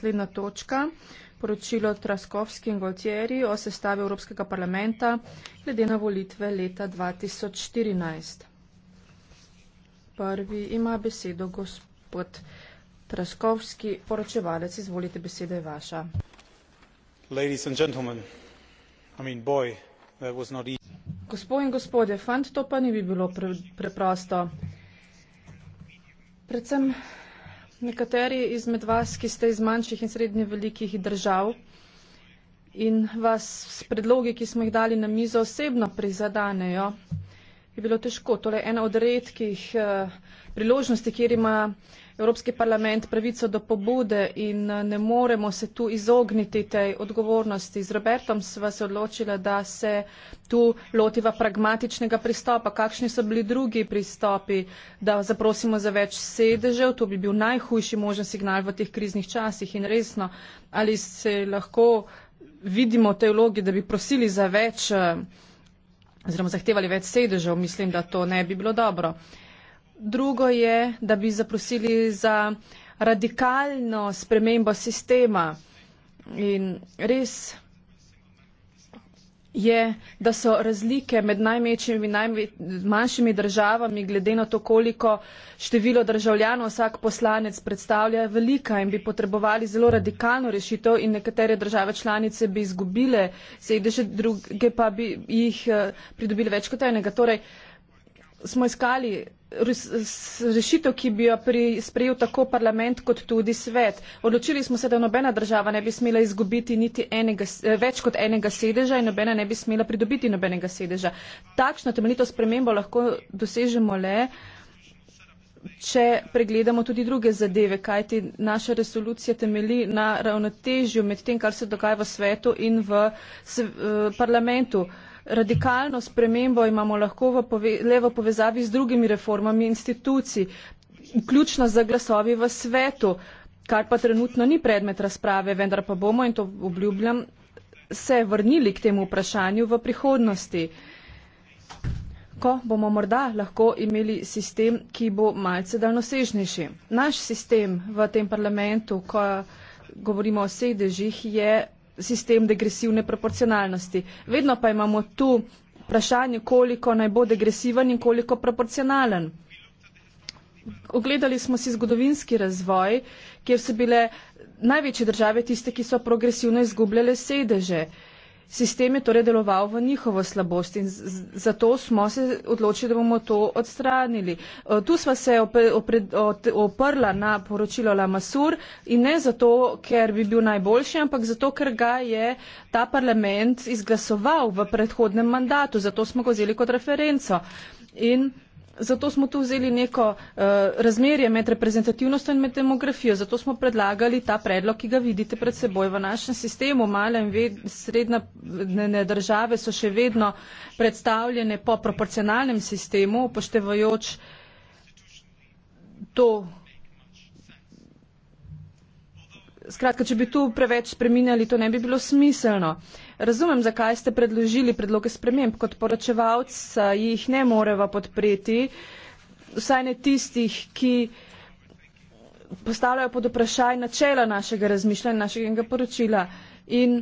Naslednja točka. Poročilo Traskovski in Gautieri o sestavi Evropskega parlamenta glede na volitve leta 2014. Prvi ima besedo gospod Traskovski, poročevalec. Izvolite, beseda je vaša. Gospod in gospode, fant, to pa ni bi bilo pre, preprosto. Predvsem Nekateri izmed vas, ki ste iz manjših in srednje velikih držav in vas s predlogi, ki smo jih dali na mizo, osebno prizadanejo, je bilo težko. To je ena od redkih uh, priložnosti, kjer ima Evropski parlament pravico do pobude in eh, ne moremo se tu izogniti tej odgovornosti. Z Robertom sva se odločila, da se tu lotiva pragmatičnega pristopa. Kakšni so bili drugi pristopi, da zaprosimo za več sedežev? To bi bil najhujši možen signal v teh kriznih časih in resno, ali se lahko vidimo v tej vlogi, da bi prosili za več. Uh, oziroma zahtevali več sedežev, mislim, da to ne bi bilo dobro. Drugo je, da bi zaprosili za radikalno spremembo sistema in res je, da so razlike med največjimi in najmanjšimi državami glede na to, koliko število državljanov vsak poslanec predstavlja, velika in bi potrebovali zelo radikalno rešitev in nekatere države članice bi izgubile sedeže, druge pa bi jih eh, pridobili več kot enega. Torej, uh, smo iskali rešitev, ki bi jo sprejel tako parlament kot tudi svet. Odločili smo se, da nobena država ne bi smela izgubiti niti enega, eh, več kot enega sedeža in nobena ne bi smela pridobiti nobenega sedeža. Takšno temeljito spremembo lahko dosežemo le, če pregledamo tudi druge zadeve, kajti naša resolucija temeli na ravnotežju med tem, kar se dogaja v svetu in v eh, parlamentu. Uh, radikalno spremembo imamo lahko v pove, le v povezavi z drugimi reformami institucij, vključno z glasovi v svetu, kar pa trenutno ni predmet razprave, vendar pa bomo, in to obljubljam, se vrnili k temu vprašanju v prihodnosti, ko bomo morda lahko imeli sistem, ki bo malce daljnosežnejši. Naš sistem v tem parlamentu, ko govorimo o sedežih, je sistem degresivne proporcionalnosti. Vedno pa imamo tu vprašanje, koliko naj bo degresiven in koliko proporcionalen. Ogledali smo si zgodovinski razvoj, kjer so bile največje države tiste, ki so progresivno izgubljale sedeže. Uh, sistem je torej deloval v njihovo slabost in zato smo se odločili, da bomo to odstranili. E, tu smo se oprla na poročilo Lamasur in ne zato, ker bi bil najboljši, ampak zato, ker ga je ta parlament izglasoval v predhodnem mandatu, zato smo ga vzeli kot referenco. In zato smo tu vzeli neko uh, razmerje med reprezentativnostjo in med demografijo. Zato smo predlagali ta predlog, ki ga vidite pred seboj. V našem sistemu male in srednje države so še vedno predstavljene po proporcionalnem sistemu, upoštevajoč to. Skratka, če bi tu preveč spreminjali, to ne bi bilo smiselno. Uh, Razumem, zakaj ste predložili predloge sprememb, kot poročevalc jih ne moreva podpreti, vsaj ne tistih, ki postavljajo pod vprašaj načela našega razmišljanja, našega poročila. In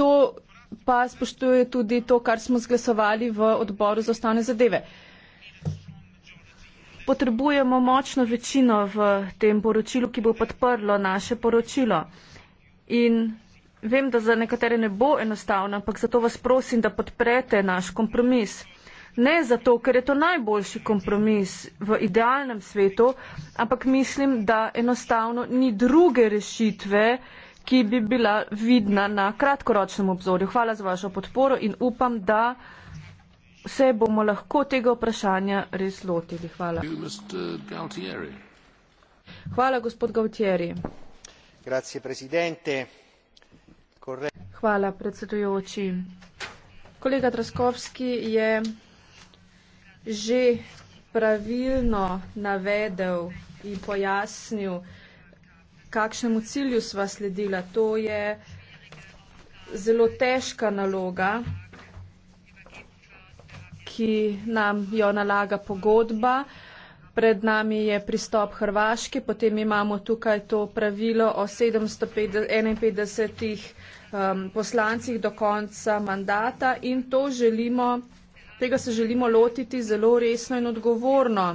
to pa spoštuje tudi to, kar smo zglasovali v odboru za ostane zadeve. Potrebujemo močno večino v tem poročilu, ki bo podprlo naše poročilo. In vem, da za nekatere ne bo enostavno, ampak zato vas prosim, da podprete naš kompromis. Ne zato, ker je to najboljši kompromis v idealnem svetu, ampak mislim, da enostavno ni druge rešitve, ki bi bila vidna na kratkoročnem obzorju. Hvala za vašo podporo in upam, da se bomo lahko tega vprašanja res lotili. Hvala. Hvala, gospod Gautieri. Hvala, predsedujoči. Kolega Traskovski je že pravilno navedel in pojasnil, kakšnemu cilju sva sledila. To je zelo težka naloga, ki nam jo nalaga pogodba. Pred nami je pristop Hrvaške, potem imamo tukaj to pravilo o 751 um, poslancih do konca mandata in to želimo, tega se želimo lotiti zelo resno in odgovorno.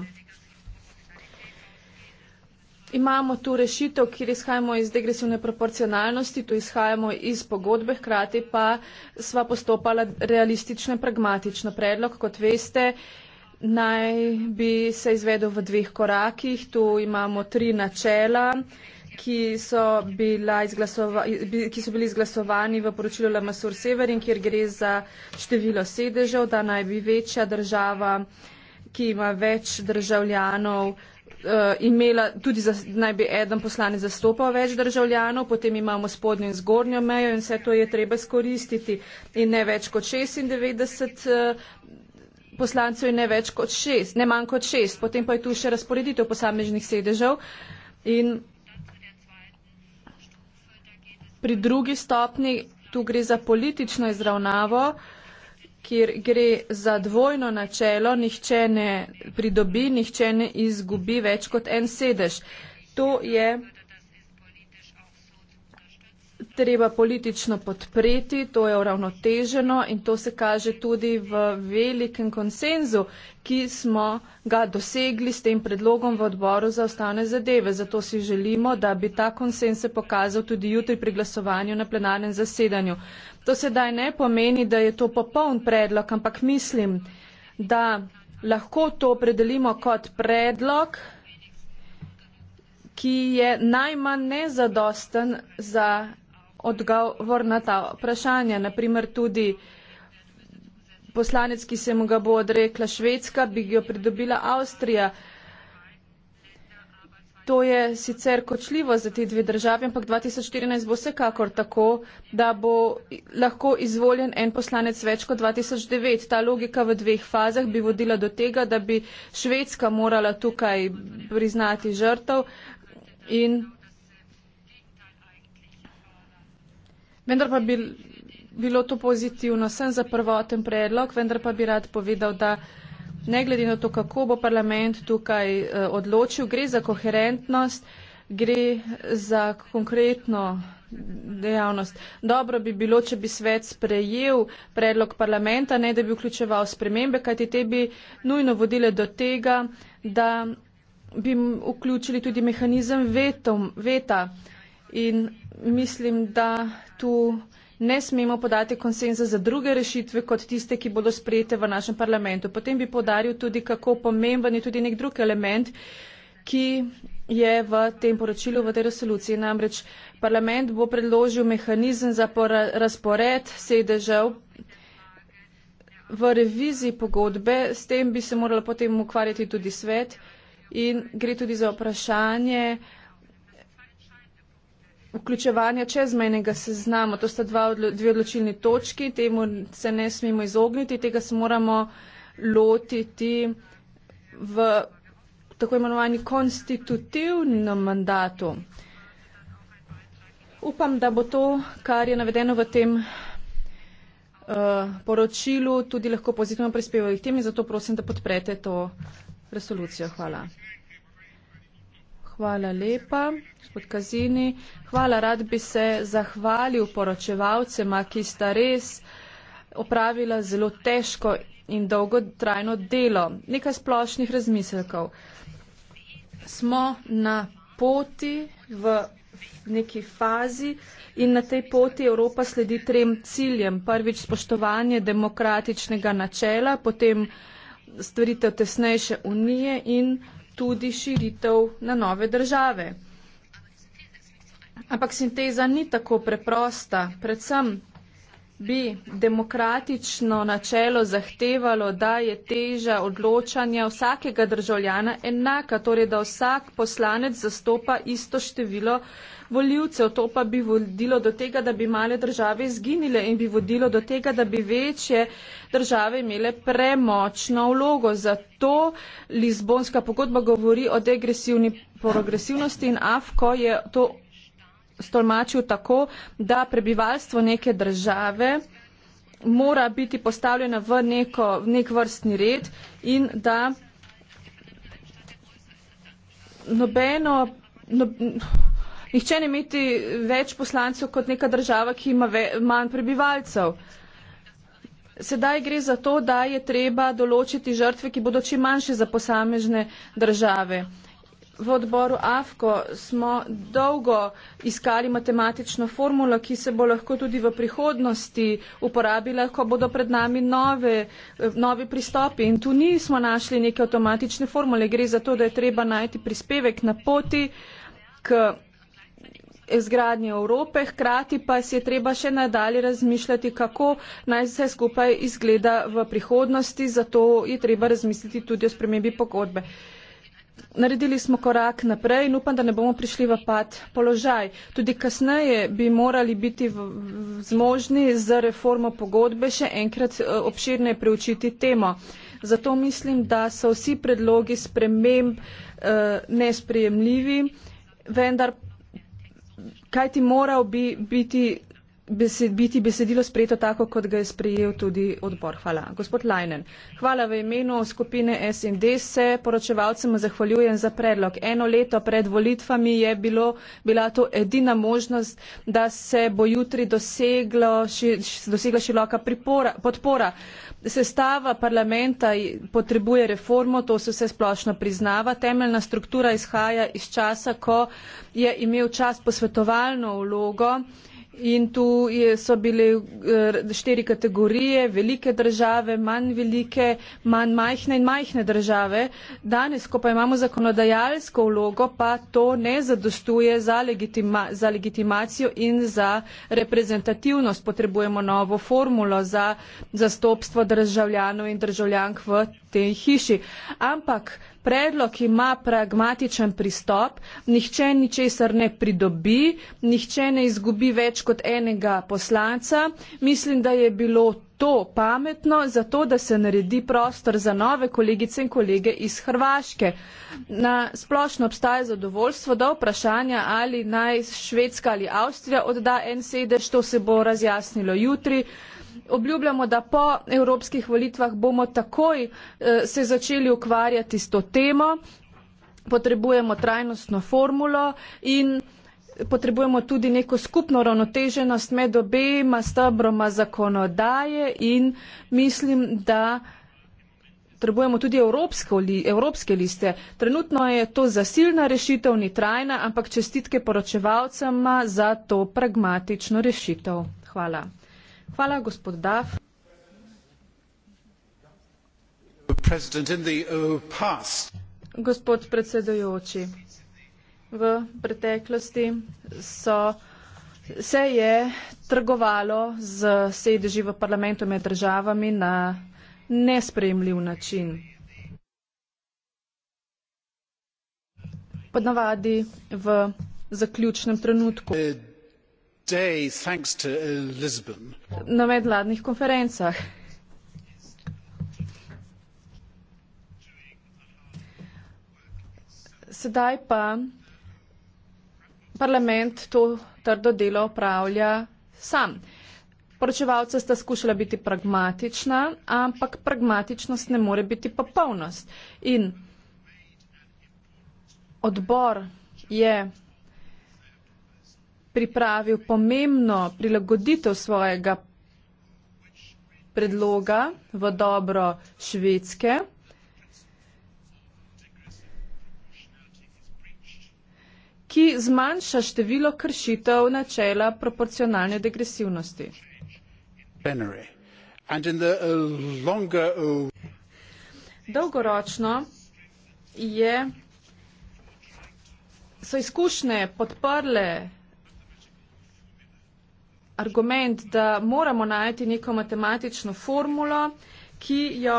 Imamo tu rešitev, kjer izhajamo iz degresivne proporcionalnosti, tu izhajamo iz pogodbe, hkrati pa sva postopala realistično in pragmatično. Predlog, kot veste, naj bi se izvedel v dveh korakih. Tu imamo tri načela, ki so, ki so bili izglasovani v poročilu Lamasur Severin, kjer gre za število sedežev, da naj bi večja država, ki ima več državljanov, eh, imela tudi, za, naj bi eden poslanec zastopal več državljanov, potem imamo spodnjo in zgornjo mejo in vse to je treba skoristiti in ne več kot 96 poslancev in ne več kot šest, ne manj kot šest. Potem pa je tu še razporeditev posameznih sedežev. In pri drugi stopni, tu gre za politično izravnavo, kjer gre za dvojno načelo, nihče ne pridobi, nihče ne izgubi več kot en sedež. To je treba politično podpreti, to je uravnoteženo in to se kaže tudi v velikem konsenzu, ki smo ga dosegli s tem predlogom v odboru za ostane zadeve. Zato si želimo, da bi ta konsens se pokazal tudi jutri pri glasovanju na plenarnem zasedanju. To sedaj ne pomeni, da je to popoln predlog, ampak mislim, da lahko to predelimo kot predlog ki je najmanj nezadosten za odgovor na ta vprašanja. Naprimer tudi poslanec, ki se mu ga bo odrekla Švedska, bi jo pridobila Avstrija. To je sicer kočljivo za te dve države, ampak 2014 bo vsekakor tako, da bo lahko izvoljen en poslanec več kot 2009. Ta logika v dveh fazah bi vodila do tega, da bi Švedska morala tukaj priznati žrtev in Vendar pa bi bilo to pozitivno, sem za prvoten predlog, vendar pa bi rad povedal, da ne glede na to, kako bo parlament tukaj eh, odločil, gre za koherentnost, gre za konkretno dejavnost. Dobro bi bilo, če bi svet sprejel predlog parlamenta, ne da bi vključeval spremembe, kajti te bi nujno vodile do tega, da bi vključili tudi mehanizem vetom, veta. In mislim, da tu ne smemo podati konsenza za druge rešitve kot tiste, ki bodo sprejete v našem parlamentu. Potem bi podaril tudi, kako pomemben je tudi nek drug element, ki je v tem poročilu, v tej resoluciji. Namreč parlament bo predložil mehanizem za razpored sedežev v reviziji pogodbe, s tem bi se moralo potem ukvarjati tudi svet in gre tudi za vprašanje, vključevanja čezmejnega seznama. To sta dva, dve odločilni točki, temu se ne smemo izogniti, tega se moramo lotiti v tako imenovani konstitutivnem mandatu. Upam, da bo to, kar je navedeno v tem uh, poročilu, tudi lahko pozitivno prispevali k temi, zato prosim, da podprete to resolucijo. Hvala. Hvala lepa, gospod Kazini. Hvala, rad bi se zahvalil poročevalcema, ki sta res opravila zelo težko in dolgotrajno delo. Nekaj splošnih razmislekov. Smo na poti v neki fazi in na tej poti Evropa sledi trem ciljem. Prvič spoštovanje demokratičnega načela, potem stvaritev tesnejše unije in tudi širitev na nove države. Ampak sinteza ni tako preprosta. Predvsem bi demokratično načelo zahtevalo, da je teža odločanja vsakega državljana enaka, torej da vsak poslanec zastopa isto število voljivcev, to pa bi vodilo do tega, da bi male države izginile in bi vodilo do tega, da bi večje države imele premočno vlogo. Zato Lizbonska pogodba govori o degresivni progresivnosti in AFKO je to stolmačil tako, da prebivalstvo neke države mora biti postavljena v neko, nek vrstni red in da nobeno, no, Nihče ne imeti več poslancev kot neka država, ki ima manj prebivalcev. Sedaj gre za to, da je treba določiti žrtve, ki bodo čim manjše za posamežne države. V odboru AFKO smo dolgo iskali matematično formulo, ki se bo lahko tudi v prihodnosti uporabila, ko bodo pred nami nove, nove pristopi. In tu nismo našli neke avtomatične formule. Gre za to, da je treba najti prispevek na poti k izgradnji Evrope, hkrati pa si je treba še nadalje razmišljati, kako naj se skupaj izgleda v prihodnosti, zato je treba razmisliti tudi o spremembi pogodbe. Naredili smo korak naprej in upam, da ne bomo prišli v pad položaj. Tudi kasneje bi morali biti v, v, zmožni za reformo pogodbe še enkrat eh, obširne preučiti temo. Zato mislim, da so vsi predlogi sprememb eh, nesprejemljivi, vendar kaj ti moral bi biti besed, biti besedilo sprejeto tako, kot ga je sprejel tudi odbor. Hvala. Gospod Lajnen, hvala v imenu skupine SND se poročevalcem zahvaljujem za predlog. Eno leto pred volitvami je bilo, bila to edina možnost, da se bo jutri dosegla ši, široka pripora, podpora. Sestava parlamenta potrebuje reformo, to se vse splošno priznava. Temeljna struktura izhaja iz časa, ko je imel čas posvetovalno vlogo. In tu je, so bile eh, štiri kategorije, velike države, manj velike, manj majhne in majhne države. Danes, ko pa imamo zakonodajalsko vlogo, pa to ne zadostuje za, legitima, za legitimacijo in za reprezentativnost. Potrebujemo novo formulo za zastopstvo državljanov in državljank v tej hiši. Ampak predlog ima pragmatičen pristop, nihče ničesar ne pridobi, nihče ne izgubi več kot enega poslanca. Mislim, da je bilo to pametno, zato da se naredi prostor za nove kolegice in kolege iz Hrvaške. Na splošno obstaja zadovoljstvo, da vprašanja, ali naj Švedska ali Avstrija odda en sedež, to se bo razjasnilo jutri obljubljamo, da po evropskih volitvah bomo takoj eh, se začeli ukvarjati s to temo. Potrebujemo trajnostno formulo in potrebujemo tudi neko skupno ravnoteženost med obema stebroma zakonodaje in mislim, da potrebujemo tudi evropske, li, evropske liste. Trenutno je to zasilna rešitev, ni trajna, ampak čestitke poročevalcema za to pragmatično rešitev. Hvala. Hvala, gospod Duff. Uh, gospod predsedujoči, v preteklosti so, se je trgovalo z sedeži v parlamentu med državami na nesprejemljiv način. Podnavadi v zaključnem trenutku. Uh, Uh, na medvladnih konferencah. Sedaj pa parlament to trdo delo opravlja sam. Poročevalca sta skušala biti pragmatična, ampak pragmatičnost ne more biti popolnost. In odbor je pripravil pomembno prilagoditev svojega predloga v dobro švedske. ki zmanjša število kršitev načela proporcionalne degresivnosti. Uh, uh, Dolgoročno je, so izkušnje podprle argument, da moramo najti neko matematično formulo, ki jo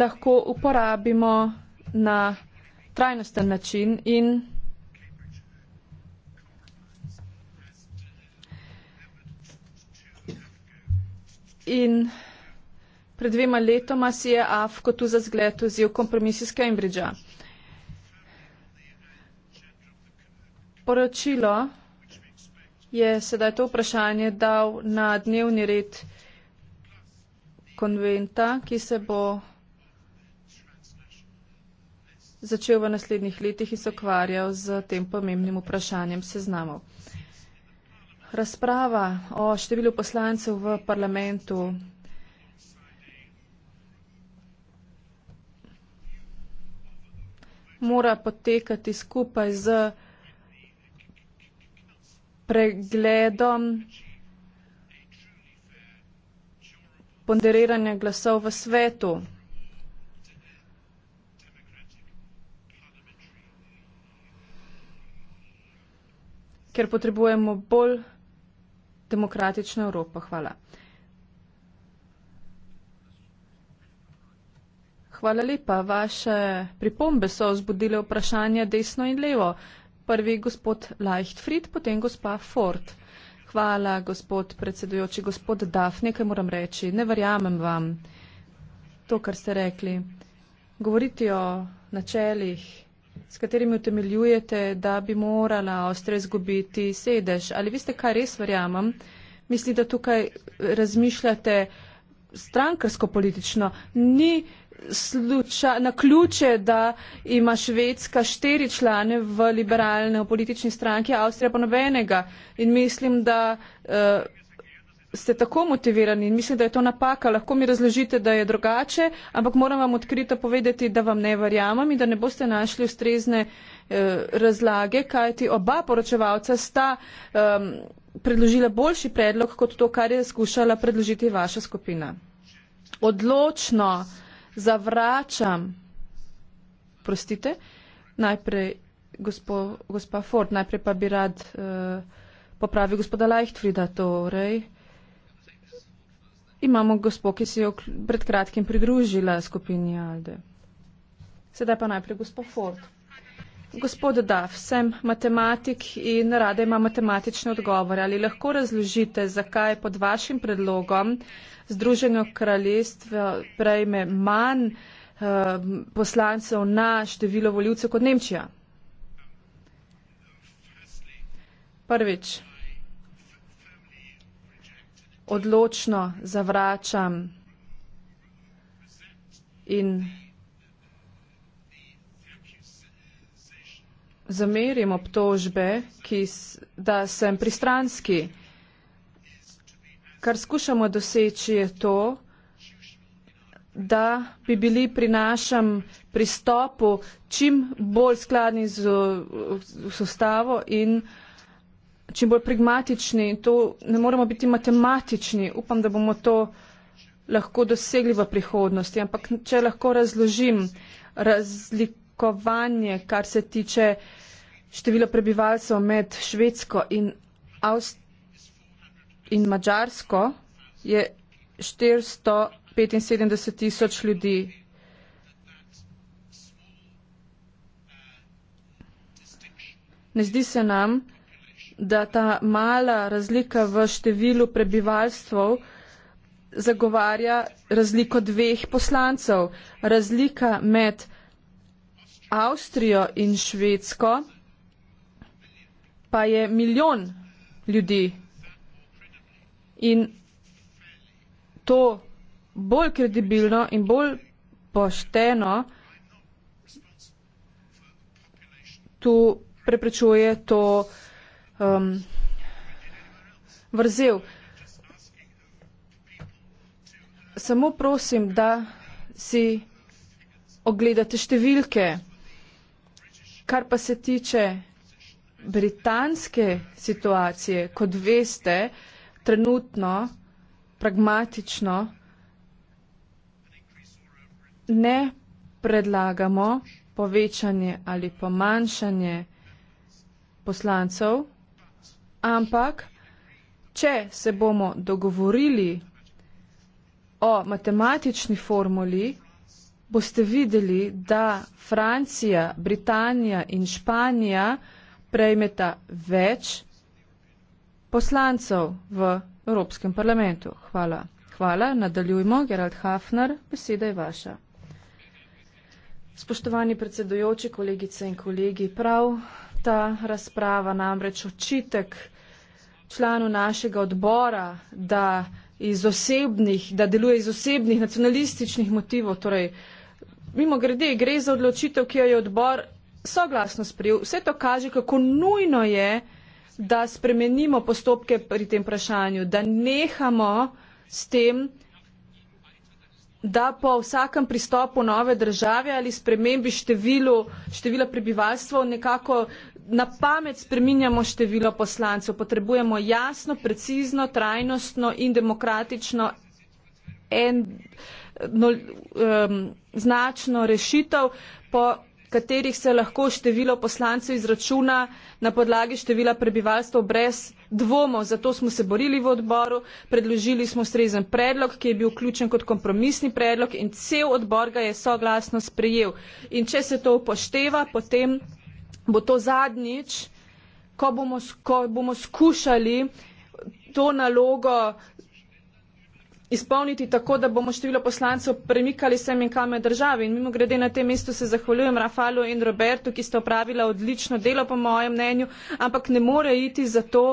lahko uporabimo na trajnosten način in In pred dvema letoma si je AFKO tu za zgled vzel kompromisijske imbriča. poročilo je sedaj to vprašanje dal na dnevni red konventa, ki se bo začel v naslednjih letih in se ukvarjal z tem pomembnim vprašanjem seznamov. Razprava o številu poslancev v parlamentu mora potekati skupaj z pregledom ponderiranja glasov v svetu. Ker potrebujemo bolj demokratično Evropo. Hvala. Hvala lepa. Vaše pripombe so vzbudile vprašanja desno in levo prvi gospod Leichtfried, potem gospa Ford. Hvala, gospod predsedujoči. Gospod Daf, nekaj moram reči. Ne verjamem vam to, kar ste rekli. Govoriti o načelih, s katerimi utemeljujete, da bi morala Avstrija izgubiti sedež. Ali veste, kaj res verjamem? Mislim, da tukaj razmišljate strankarsko politično. Ni sluča, na ključe, da ima Švedska štiri člane v liberalne v politični stranki, Avstrija pa nobenega. In mislim, da uh, ste tako motivirani in mislim, da je to napaka. Lahko mi razložite, da je drugače, ampak moram vam odkrito povedati, da vam ne verjamem in da ne boste našli ustrezne uh, razlage, kajti oba poročevalca sta. Um, predložila boljši predlog kot to, kar je skušala predložiti vaša skupina. Odločno uh, zavračam. Prostite, najprej gospo, gospa Ford, najprej pa bi rad uh, popravil gospoda Leichtfrida. Torej, imamo gospo, ki se je pred kratkim pridružila skupini Alde. Sedaj pa najprej gospod Ford. Gospod Daf, sem matematik in rada imam matematične odgovore. Ali lahko razložite, zakaj pod vašim predlogom Združeno kraljestvo prejme manj uh, poslancev na število voljivcev kot Nemčija. Prvič, odločno zavračam in zamerim obtožbe, ki, da sem pristranski kar skušamo doseči, je to, da bi bili pri našem pristopu čim bolj skladni z sostavo in čim bolj pragmatični. To ne moramo biti matematični. Upam, da bomo to lahko dosegli v prihodnosti. Ampak če lahko razložim razlikovanje, kar se tiče števila prebivalcev med Švedsko in Avstrijo, in Mačarsko je 475 tisoč ljudi. Ne zdi se nam, da ta mala razlika v številu prebivalstvov zagovarja razliko dveh poslancev. Razlika med Avstrijo in Švedsko pa je milijon ljudi in to bolj kredibilno in bolj pošteno tu preprečuje to um, vrzel. Samo prosim, da si ogledate številke, kar pa se tiče britanske situacije, kot veste, trenutno, pragmatično, ne predlagamo povečanje ali pomanjšanje poslancev, ampak če se bomo dogovorili o matematični formuli, boste videli, da Francija, Britanija in Španija prejmeta več poslancev v Evropskem parlamentu. Hvala. Hvala. Nadaljujmo. Gerald Hafner, beseda je vaša. Spoštovani predsedujoči, kolegice in kolegi, prav ta razprava namreč očitek članu našega odbora, da, iz osebnih, da deluje iz osebnih nacionalističnih motivov, torej mimo grede gre za odločitev, ki jo je odbor soglasno sprejel. Vse to kaže, kako nujno je, da spremenimo postopke pri tem vprašanju, da nehamo s tem, da po vsakem pristopu nove države ali spremembi številu, števila prebivalstva nekako na pamet spreminjamo število poslancev. Potrebujemo jasno, precizno, trajnostno in demokratično en, no, um, značno rešitev po katerih se lahko število poslancev izračuna na podlagi števila prebivalstva brez dvomov. Zato smo se borili v odboru, predložili smo strezen predlog, ki je bil vključen kot kompromisni predlog in cel odbor ga je soglasno sprejel. In če se to upošteva, potem bo to zadnjič, ko bomo, ko bomo skušali to nalogo izpolniti tako, da bomo število poslancev premikali sem in kamen državi. In mimo grede na tem mestu se zahvaljujem Rafalu in Robertu, ki sta opravila odlično delo, po mojem mnenju, ampak ne more iti za to,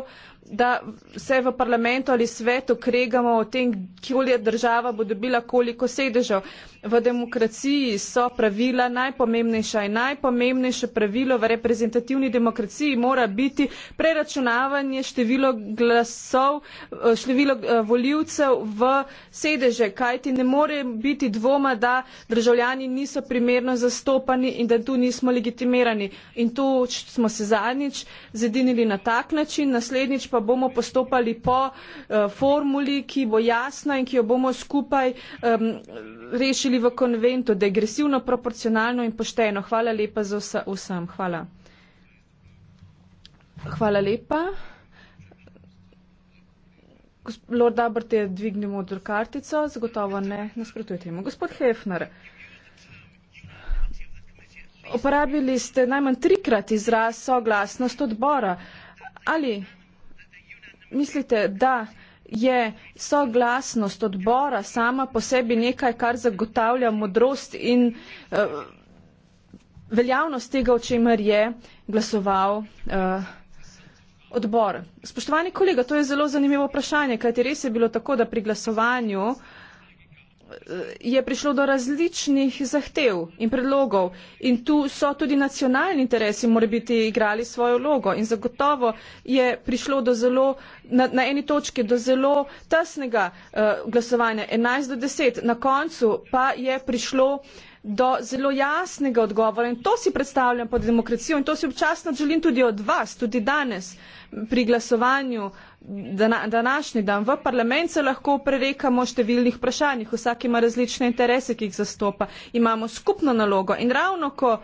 da se v parlamentu ali svetu kregamo o tem, kje država bo dobila koliko sedežev. V demokraciji so pravila najpomembnejša in najpomembnejše pravilo v reprezentativni demokraciji mora biti preračunavanje število glasov, eh, število eh, voljivcev v sedeže, kajti ne more biti dvoma, da državljani niso primerno zastopani in da tu nismo legitimirani. In to smo se zadnjič zedinili na tak način, naslednjič pa pa bomo postopali po eh, formuli, ki bo jasna in ki jo bomo skupaj eh, rešili v konventu. Degresivno, proporcionalno in pošteno. Hvala lepa za vse, vsem. Hvala. Hvala lepa. Lord Abbott je dvignil modro kartico, zagotovo ne nasprotujte mu. Gospod Hefner, uporabili ste najmanj trikrat izraz soglasnost odbora. Ali mislite, da je soglasnost odbora sama po sebi nekaj, kar zagotavlja modrost in uh, veljavnost tega, o čemer je glasoval uh, odbor? Spoštovani kolega, to je zelo zanimivo vprašanje, kajti res je bilo tako, da pri glasovanju uh, Eh, je prišlo do različnih zahtev in predlogov in tu so tudi nacionalni interesi mora biti igrali svojo vlogo in zagotovo je prišlo do zelo na, na eni točki do zelo tesnega uh, glasovanja 11 do 10 na koncu pa je prišlo do zelo jasnega odgovora in to si predstavljam pod demokracijo in to si občasno želim tudi od vas, tudi danes pri glasovanju uh, dana, današnji dan v parlament se lahko prerekamo o številnih vprašanjih. Vsak ima različne interese, ki jih zastopa. Imamo skupno nalogo in ravno, ko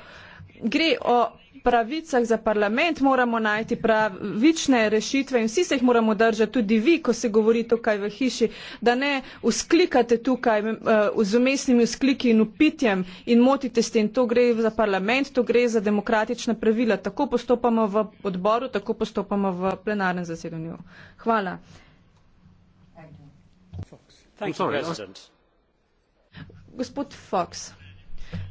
gre o pravicah za parlament, moramo najti pravične rešitve in vsi se jih moramo držati, tudi vi, ko se govori tukaj v hiši, da ne usklikate tukaj uh, z umestnimi uskliki in upitjem in motite s tem. To gre za parlament, to gre za demokratična pravila. Tako postopamo v odboru, tako postopamo v plenarnem zasedanju. Hvala. Gospod Fox.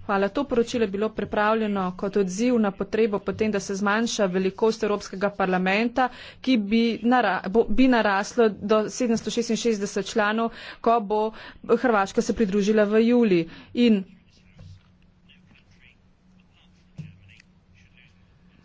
Hvala. To poročilo je bilo pripravljeno kot odziv na potrebo potem, da se zmanjša velikost Evropskega parlamenta, ki bi, nara, bo, bi naraslo do 766 članov, ko bo Hrvaška se pridružila v juli. In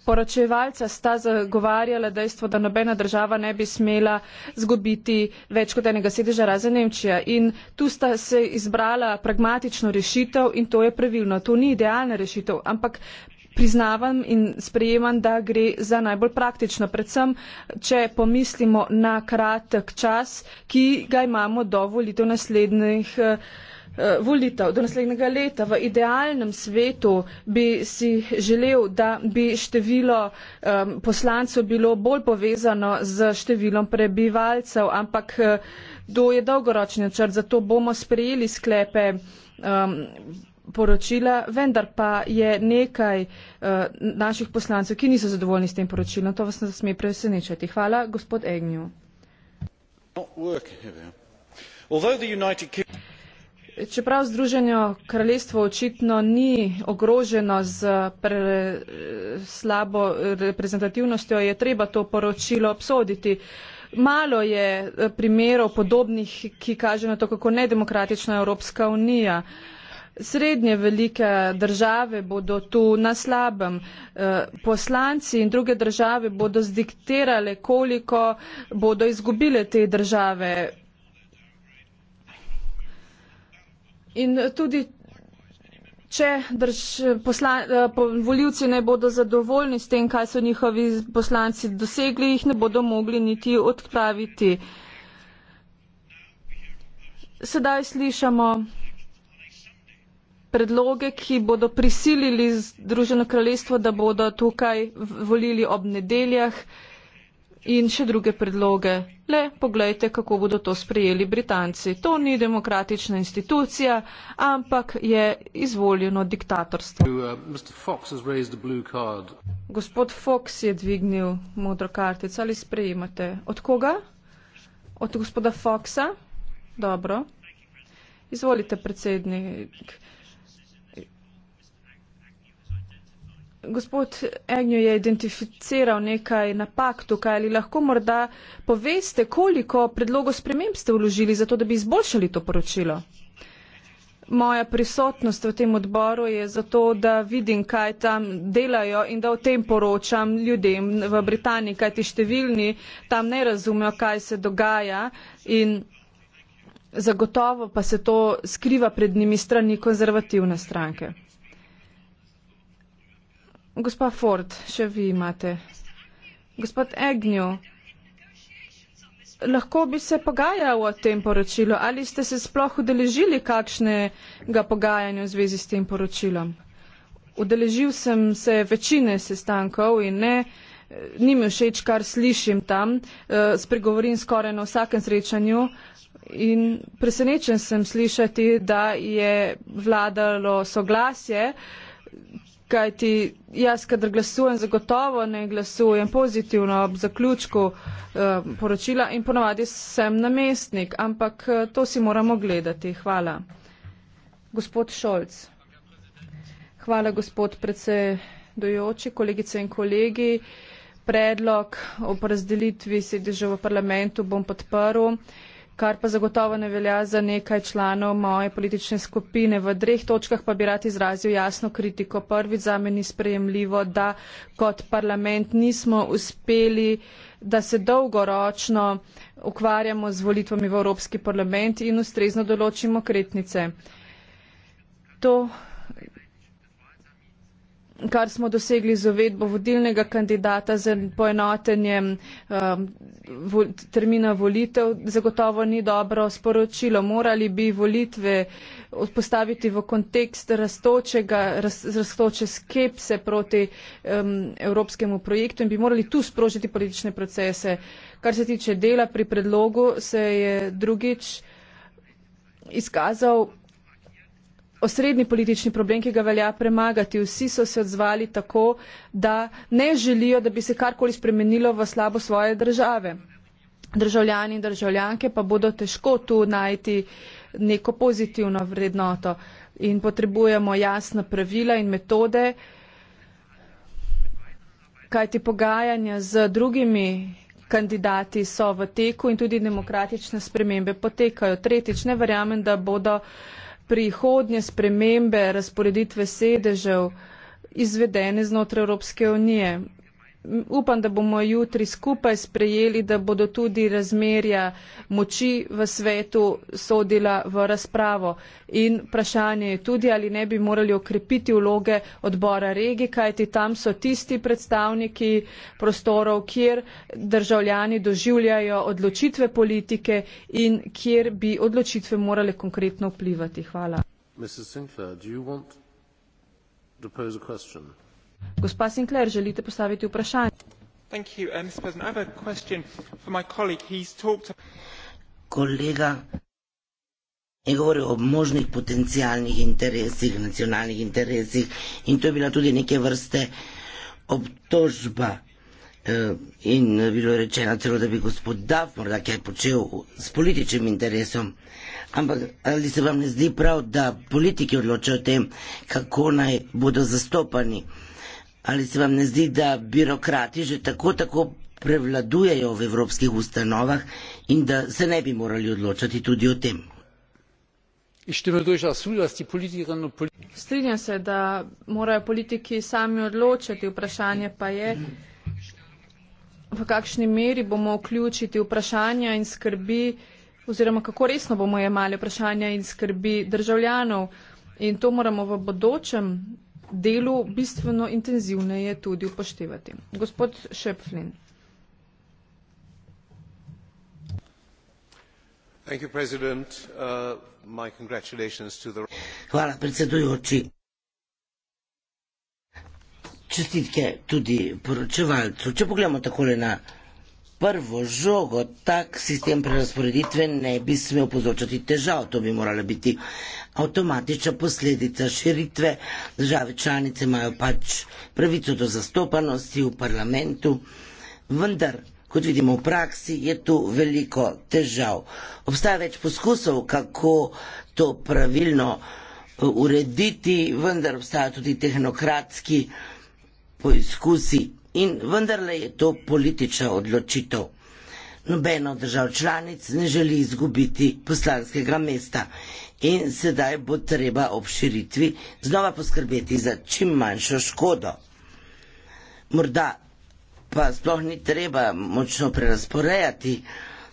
poročevalca sta zagovarjala dejstvo, da nobena država ne bi smela zgubiti več kot enega sedeža razen Nemčija. In tu sta se izbrala pragmatično rešitev in to je pravilno. To ni idealna rešitev, ampak. Priznavam in sprejemam, da gre za najbolj praktično, predvsem, če pomislimo na kratek čas, ki ga imamo do volitev naslednjih. Uh, uh, volitev do naslednjega leta. V idealnem svetu bi si želel, da bi število um, poslancev bilo bolj povezano z številom prebivalcev, ampak uh, to je dolgoročni načrt, zato bomo sprejeli sklepe. Um, poročila, vendar pa je nekaj uh, naših poslancev, ki niso zadovoljni s tem poročilom. To vas ne sme presenečati. Hvala, gospod Egnju čeprav Združenjo kraljestvo očitno ni ogroženo z slabo reprezentativnostjo, je treba to poročilo obsoditi. Malo je eh, primerov podobnih, ki kaže na to, kako nedemokratična je Evropska unija. Srednje velike države bodo tu na slabem. Eh, poslanci in druge države bodo zdiktirale, koliko bodo izgubile te države. In tudi, če eh, voljivci ne bodo zadovoljni s tem, kaj so njihovi poslanci dosegli, jih ne bodo mogli niti odpraviti. Sedaj slišamo predloge, ki bodo prisilili Združeno kraljestvo, da bodo tukaj volili ob nedeljah in še druge predloge. Le poglejte, kako bodo to sprejeli Britanci. To ni demokratična institucija, ampak je izvoljeno diktatorstvo. Uh, Gospod Fox je dvignil modro kartico. Ali sprejemate? Od koga? Od gospoda Foxa? Dobro. Izvolite, predsednik. Gospod Enjo je identificiral nekaj napak tukaj, ali lahko morda poveste, koliko predlogov sprememb ste vložili za to, da bi izboljšali to poročilo? Moja prisotnost v tem odboru je zato, da vidim, kaj tam delajo in da o tem poročam ljudem v Britaniji, kaj ti številni tam ne razumejo, kaj se dogaja in zagotovo pa se to skriva pred njimi strani konzervativne stranke. Gospa Ford, še vi imate. Gospod Egnjo, lahko bi se pogajal o tem poročilu. Ali ste se sploh udeležili kakšnega pogajanja v zvezi s tem poročilom? Udeležil sem se večine sestankov in ne, ni mi všeč, kar slišim tam, eh, spregovorim skoraj na vsakem srečanju in presenečen sem slišati, da je vladalo soglasje kajti jaz, kadar glasujem, zagotovo ne glasujem pozitivno ob zaključku eh, poročila in ponovadi sem namestnik, ampak eh, to si moramo gledati. Hvala. Gospod Šolc. Hvala, gospod predsedujoči, kolegice in kolegi. Predlog o porazdelitvi sedeža v parlamentu bom podprl. Eh, kar pa zagotovo ne velja za nekaj članov moje politične skupine. V dreh točkah pa bi rad izrazil jasno kritiko. Prvi za me ni sprejemljivo, da kot parlament nismo uspeli, da se dolgoročno ukvarjamo z volitvami v Evropski parlament in ustrezno določimo kretnice. To kar smo dosegli z uvedbo vodilnega kandidata za poenotenje um, vol, termina volitev, zagotovo ni dobro sporočilo. Morali bi volitve postaviti v kontekst rastočega, rast, rastoče skepse proti um, evropskemu projektu in bi morali tu sprožiti politične procese. Kar se tiče dela pri predlogu, se je drugič izkazal osrednji politični problem, ki ga velja premagati. Vsi so se odzvali tako, da ne želijo, da bi se karkoli spremenilo v slabo svoje države. Državljani in državljanke pa bodo težko tu najti neko pozitivno vrednoto in potrebujemo jasna pravila in metode, kajti pogajanja z drugimi kandidati so v teku in tudi demokratične spremembe potekajo. Tretjič, ne verjamem, da bodo uh, prihodnje spremembe razporeditve sedežev izvedene znotraj Evropske unije. Upam, da bomo jutri skupaj sprejeli, da bodo tudi razmerja moči v svetu sodila v razpravo. In vprašanje je tudi, ali ne bi morali okrepiti vloge odbora regi, kajti tam so tisti predstavniki prostorov, kjer državljani doživljajo odločitve politike in kjer bi odločitve morale konkretno vplivati. Hvala. Mr. Sinclair, do you want to pose a question? gospa sinclair želite postaviti vprašanje uh, kolega je govoril o možnih potencijalnih interesih nacionalnih interesih in to je bila tudi neke vrste obtožba eh, in bilo rečeno celo, da bi gospod Duff morda kaj počel s političnim interesom. Ampak ali se vam ne zdi prav, da politiki odločajo o tem, kako naj bodo zastopani? Ali se vam ne zdi, da birokrati že tako, tako prevladujejo v evropskih ustanovah in da se ne bi morali odločati tudi o tem? Strinjam se, da morajo politiki sami odločiti, vprašanje pa je, v kakšni meri bomo vključiti vprašanja in skrbi oziroma kako resno bomo jemali vprašanja in skrbi državljanov. In to moramo v bodočem delu bistveno intenzivneje tudi upoštevati. Gospod Šepflin. Uh, Hvala, predsedujoči. Čestitke tudi poročevalcu. Če pogledamo takole na vse, prvo žogo, tak sistem prerasporeditve ne bi smel povzročati težav. To bi morala biti avtomatična posledica širitve. Države članice imajo pač pravico do zastopanosti v parlamentu, vendar, kot vidimo v praksi, je tu veliko težav. Obstaja več poskusov, kako to pravilno eh, urediti, vendar obstaja tudi tehnokratski poizkusi In vendarle je to politična odločitev. Nobeno držav članic ne želi izgubiti poslanskega mesta in sedaj bo treba ob širitvi znova poskrbeti za čim manjšo škodo. Morda pa sploh ni treba močno prerasporejati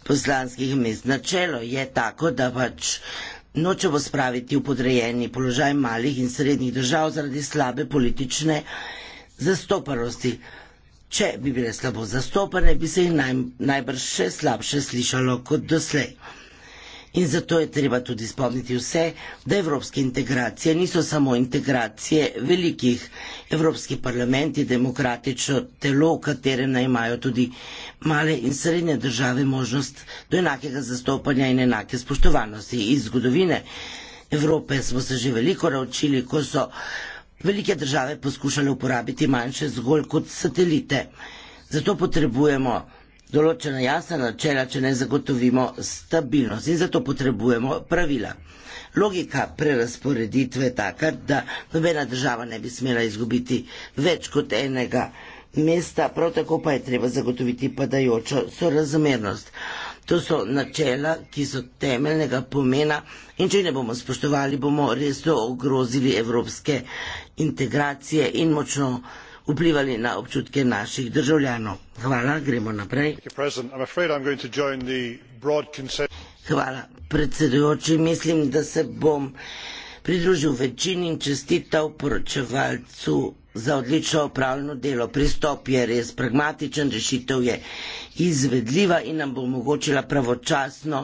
poslanskih mest. Načelo je tako, da pač nočemo spraviti v podrejeni položaj malih in srednjih držav zaradi slabe politične zastoparosti. Če bi bile slabo zastopane, bi se jih naj, najbrž še slabše slišalo kot doslej. In zato je treba tudi spomniti vse, da evropske integracije niso samo integracije velikih. Evropski parlament je demokratično telo, v katerem naj imajo tudi male in srednje države možnost do enakega zastopanja in enake spoštovanosti. Iz zgodovine Evrope smo se že veliko naučili, ko so velike države poskušale uporabiti manjše zgolj kot satelite. Zato potrebujemo določena jasna načela, če ne zagotovimo stabilnost in zato potrebujemo pravila. Logika prerasporeditve je taka, da nobena država ne bi smela izgubiti več kot enega mesta, prav tako pa je treba zagotoviti padajočo sorazmernost. To so načela, ki so temeljnega pomena in če ne bomo spoštovali, bomo res ogrozili evropske integracije in močno vplivali na občutke naših državljanov. Hvala, gremo naprej. Hvala, predsedujoči. Mislim, da se bom pridružil večini in čestital poročevalcu za odlično opravljeno delo. Pristop je res pragmatičen, rešitev je izvedljiva in nam bo omogočila pravočasno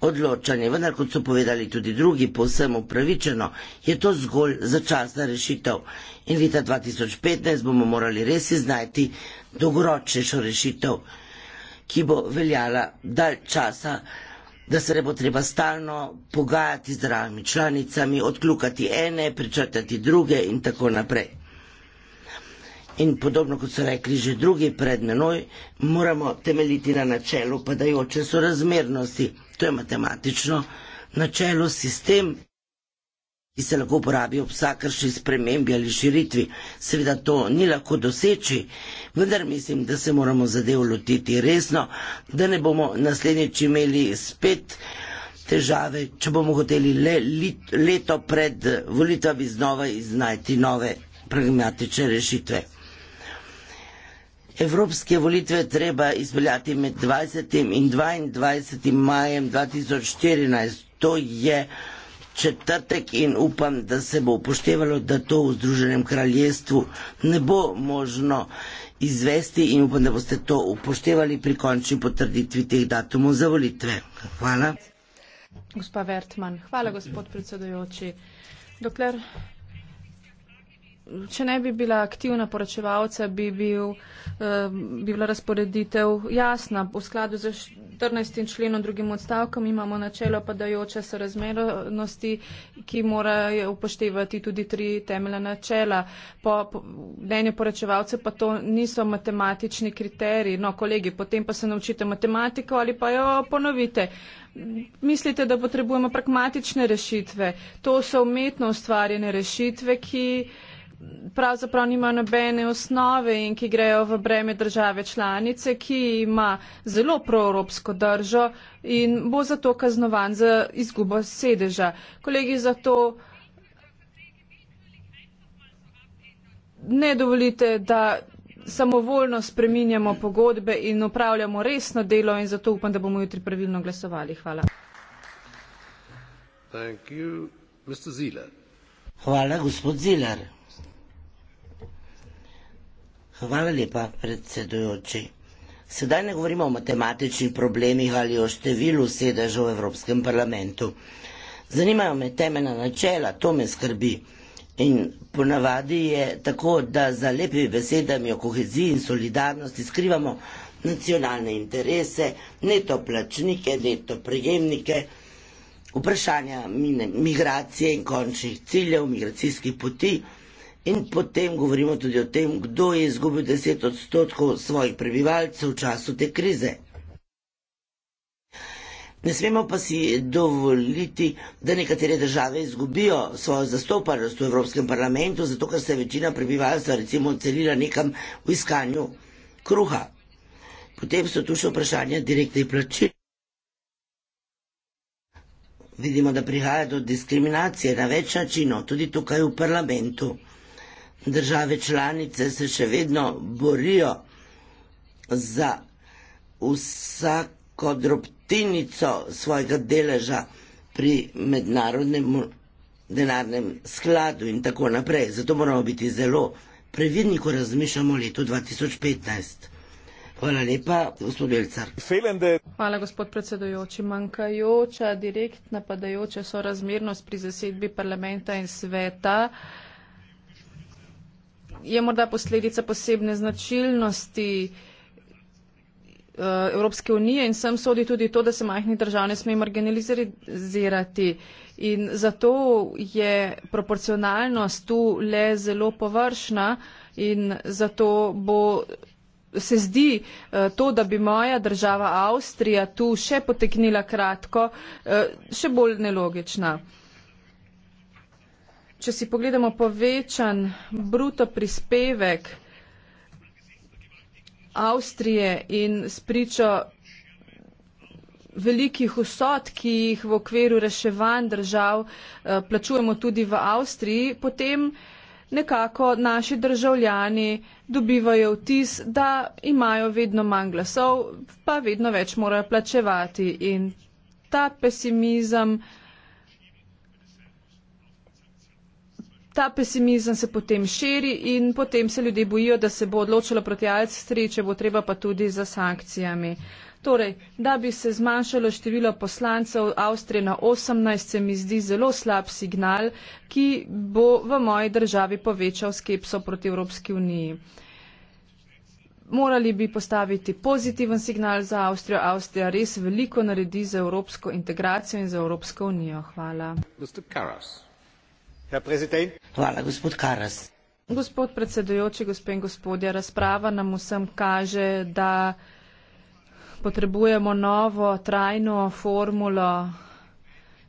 odločanje. Vendar, kot so povedali tudi drugi, posebno upravičeno, je to zgolj začasna rešitev. In leta 2015 bomo morali res iznajti dolgoročnejšo rešitev, ki bo veljala dalj časa da se ne bo treba stalno pogajati z zdravimi članicami, odklukati ene, prečrtati druge in tako naprej. In podobno kot so rekli že drugi pred menoj, moramo temeljiti na načelu padajoče sorazmernosti. To je matematično načelo, sistem ki se lahko uporabijo ob vsakršni spremembi ali širitvi. Seveda to ni lahko doseči, vendar mislim, da se moramo zadev lotiti resno, da ne bomo naslednjič imeli spet težave, če bomo hoteli le leto pred volitvami znova iznajti nove pragmatične rešitve. Evropske volitve treba izpeljati med 20. in 22. majem 2014. To je četrtek in upam, da se bo upoštevalo, da to v Združenem kraljestvu ne bo možno izvesti in upam, da boste to upoštevali pri končni potrditvi teh datumov za volitve. Hvala. Gospa Vertman, hvala gospod predsedujoči. Dokler če ne bi bila aktivna poročevalca, bi, bil, eh, bi bila razporeditev jasna. V skladu z 14. členom drugim odstavkom imamo načelo padajoče sorazmernosti, ki mora upoštevati tudi tri temeljna načela. Po mnenju po, poročevalce pa to niso matematični kriteriji. No, kolegi, potem pa se naučite matematiko ali pa jo ponovite. Mislite, da potrebujemo pragmatične rešitve. To so umetno ustvarjene rešitve, ki pravzaprav nimajo nobene osnove in ki grejo v breme države članice, ki ima zelo proevropsko držo in bo zato kaznovan za izgubo sedeža. Kolegi, zato ne dovolite, da samovoljno spreminjamo pogodbe in upravljamo resno delo in zato upam, da bomo jutri pravilno glasovali. Hvala. Hvala, gospod Ziler. Hvala lepa, predsedujoči. Sedaj ne govorimo o matematičnih problemih ali o številu sedežev v Evropskem parlamentu. Zanimajo me temena načela, to me skrbi. In ponavadi je tako, da za lepimi besedami o koheziji in solidarnosti skrivamo nacionalne interese, neto plačnike, neto prejemnike, vprašanja migracije in končnih ciljev, migracijskih poti. In potem govorimo tudi o tem, kdo je izgubil 10 odstotkov svojih prebivalcev v času te krize. Ne smemo pa si dovoliti, da nekatere države izgubijo svojo zastopanost v Evropskem parlamentu, zato ker se je večina prebivalstva recimo celila nekam v iskanju kruha. Potem so tu še vprašanja direktnih plačil. Vidimo, da prihaja do diskriminacije na več načinov, tudi tukaj v parlamentu države članice se še vedno borijo za vsako drobtinico svojega deleža pri mednarodnem denarnem skladu in tako naprej. Zato moramo biti zelo previdni, ko razmišljamo o letu 2015. Hvala lepa, gospod Belcar. Hvala, gospod predsedujoči. Manjkajoča, direktna, padajoča so razmernost pri zasedbi parlamenta in sveta je morda posledica posebne značilnosti eh, Evropske unije in sem sodi tudi to, da se majhni države ne smejo marginalizirati. In zato je proporcionalnost tu le zelo površna in zato bo, se zdi eh, to, da bi moja država Avstrija tu še poteknila kratko, eh, še bolj nelogična če si pogledamo povečan bruto prispevek Avstrije in spričo velikih vsot, ki jih v okviru reševanj držav eh, plačujemo tudi v Avstriji, potem nekako naši državljani dobivajo vtis, da imajo vedno manj glasov, pa vedno več morajo plačevati. In ta pesimizem Ta pesimizem se potem širi in potem se ljudje bojijo, da se bo odločilo proti Alstri, če bo treba pa tudi za sankcijami. Torej, da bi se zmanjšalo število poslancev Avstrije na 18, se mi zdi zelo slab signal, ki bo v moji državi povečal skepso proti Evropski uniji. Morali bi postaviti pozitiven signal za Avstrijo. Avstrija res veliko naredi za evropsko integracijo in za Evropsko unijo. Hvala. Hvala, gospod Karas. Gospod predsedujoči, gospe in gospodje, razprava nam vsem kaže, da potrebujemo novo trajno formulo,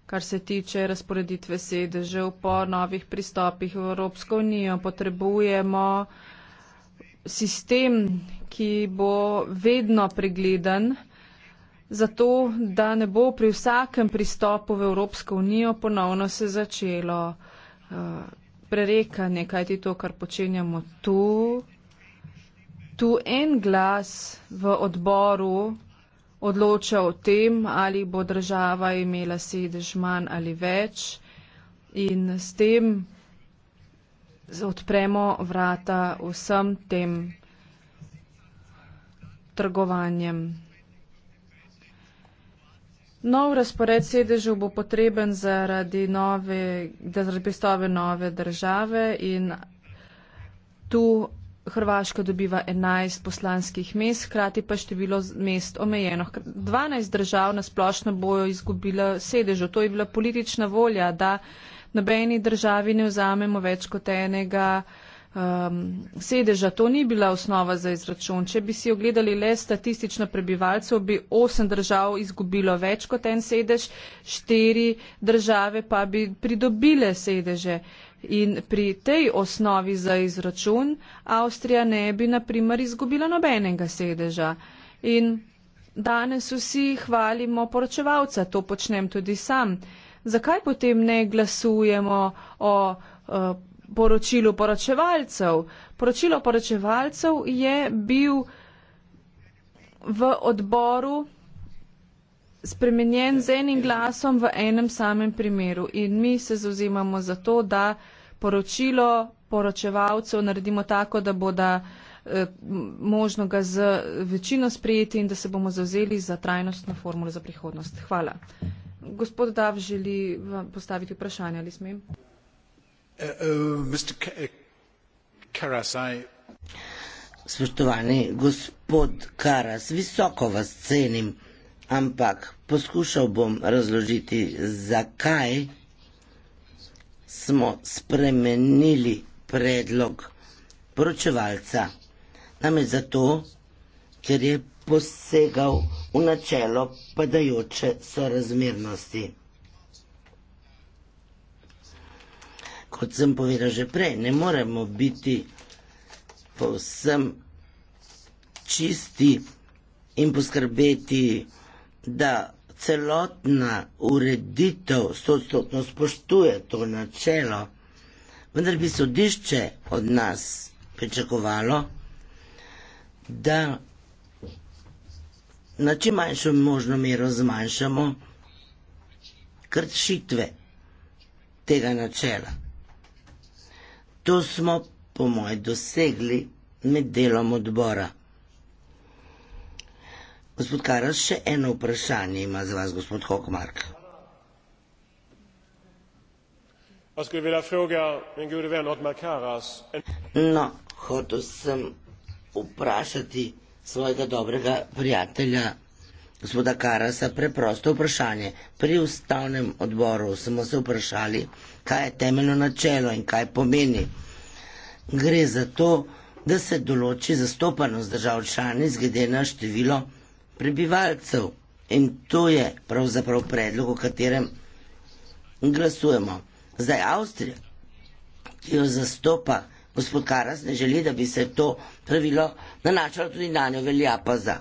kar se tiče razporeditve sedežev po novih pristopih v Evropsko unijo. Potrebujemo sistem, ki bo vedno pregleden, zato da ne bo pri vsakem pristopu v Evropsko unijo ponovno se začelo prerekanje, kaj ti to, kar počenjamo tu, tu en glas v odboru odloča o tem, ali bo država imela sedež manj ali več in s tem odpremo vrata vsem tem trgovanjem. Nov razpored sedežev bo potreben zaradi nove, zaradi pristove nove države in tu Hrvaška dobiva 11 poslanskih mest, hkrati pa število mest omejeno. 12 držav na splošno bojo izgubila sedežo. To je bila politična volja, da nobeni državi ne vzamemo več kot enega um, sedeža. To ni bila osnova za izračun. Če bi si ogledali le statistično prebivalcev, bi osem držav izgubilo več kot en sedež, štiri države pa bi pridobile sedeže. In pri tej osnovi za izračun Avstrija ne bi, na primer, izgubila nobenega sedeža. In danes vsi hvalimo poročevalca, to počnem tudi sam. Zakaj potem ne glasujemo o, o eh, poročilu poročevalcev. Poročilo poročevalcev je bil v odboru spremenjen z enim glasom v enem samem primeru in mi se zauzemamo za to, da poročilo poročevalcev naredimo tako, da bo da eh, možno ga z večino sprejeti in da se bomo zavzeli za trajnostno formulo za prihodnost. Hvala. Gospod Dav želi postaviti vprašanje, ali smem? Eh, eh, eh, Spoštovani gospod Karas, visoko vas cenim, ampak poskušal bom razložiti, zakaj smo spremenili predlog poročevalca. Namreč zato, ker je posegal v načelo padajoče sorazmernosti. kot sem povedal že prej, ne moremo biti povsem čisti in poskrbeti, da celotna ureditev stotno spoštuje to načelo. Vendar bi sodišče od nas pričakovalo, da na čim manjšo možno mero zmanjšamo kršitve tega načela. To smo, po moje, dosegli med delom odbora. Gospod Karas, še eno vprašanje ima za vas, gospod Hokmark. No, hotel sem vprašati svojega dobrega prijatelja, gospoda Karasa, preprosto vprašanje. Pri ustavnem odboru smo se vprašali, kaj je temeljno načelo in kaj pomeni. Gre za to, da se določi zastopanost držav članic glede na število prebivalcev. In to je pravzaprav predlog, o katerem glasujemo. Zdaj Avstrija, ki jo zastopa gospod Karas, ne želi, da bi se to pravilo nanašalo tudi na njo velja pa za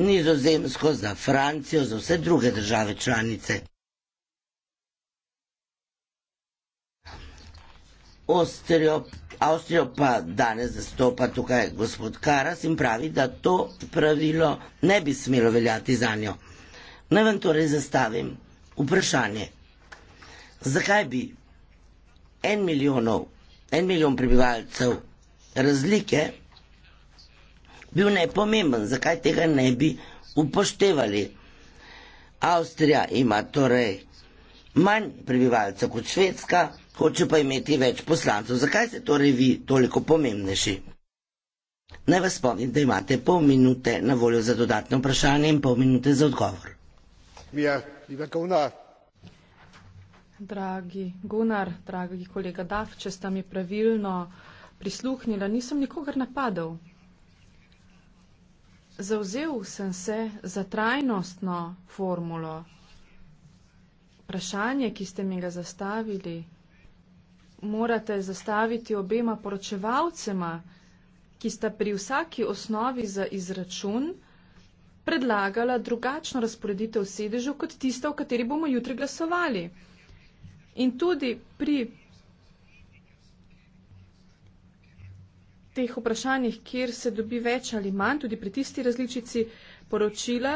Nizozemsko, za Francijo, za vse druge države članice. Остерио, Австрио па данес застопа тука е господ Карас им прави да то правило не би смело велјати за нјо. Но евентуари заставим упрашање. Закај би 1 милионов, 1 милион прибивалцев разлике бил непомемен? Закај тега не би упоштевали? Австрија има, торе, manj prebivalcev kot Švedska, hoče pa imeti več poslancev. Zakaj ste torej vi toliko pomembnejši? Naj vas spomnim, da imate pol minute na voljo za dodatno vprašanje in pol minute za odgovor. Dragi Gunnar, dragi kolega Daf, če ste mi pravilno prisluhnili, nisem nikogar napadal. Zauzel sem se za trajnostno formulo vprašanje, ki ste mi ga zastavili, morate zastaviti obema poročevalcema, ki sta pri vsaki osnovi za izračun predlagala drugačno razporeditev sedežev kot tista, v kateri bomo jutri glasovali. In tudi pri teh vprašanjih, kjer se dobi več ali manj, tudi pri tisti različici, poročila,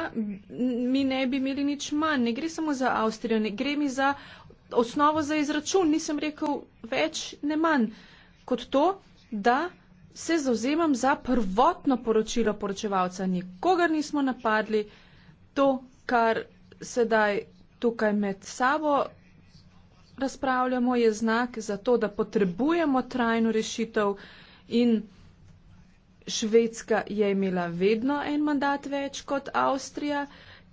mi ne bi imeli nič manj. Ne gre samo za Avstrijo, ne gre mi za osnovo za izračun. Nisem rekel več, ne manj kot to, da se zauzemam za prvotno poročilo poročevalca. Nikogar nismo napadli. To, kar sedaj tukaj med sabo razpravljamo, je znak za to, da potrebujemo trajno rešitev in. Švedska je imela vedno en mandat več kot Avstrija,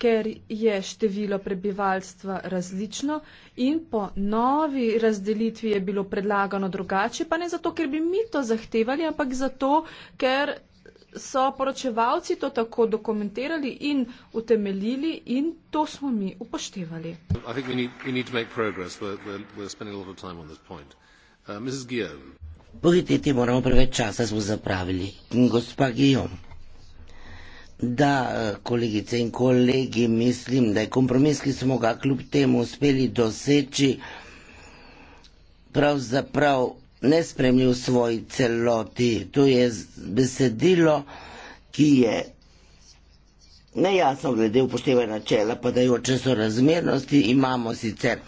ker je število prebivalstva različno in po novi razdelitvi je bilo predlagano drugače, pa ne zato, ker bi mi to zahtevali, ampak zato, ker so poročevalci to tako dokumentirali in utemeljili in to smo mi upoštevali. Mislim, da moramo narediti napredek. Spremljamo veliko časa na tem področju. Gospa Guillaume. Bodite ti, moramo preveč časa smo zapravili. Gospa Gijo. Da, kolegice in kolegi, mislim, da je kompromis, ki smo ga kljub temu uspeli doseči, pravzaprav nespremljiv svoj celoti. To je besedilo, ki je nejasno glede upoštevanja načela, pa da jo čezo razmernosti imamo sicer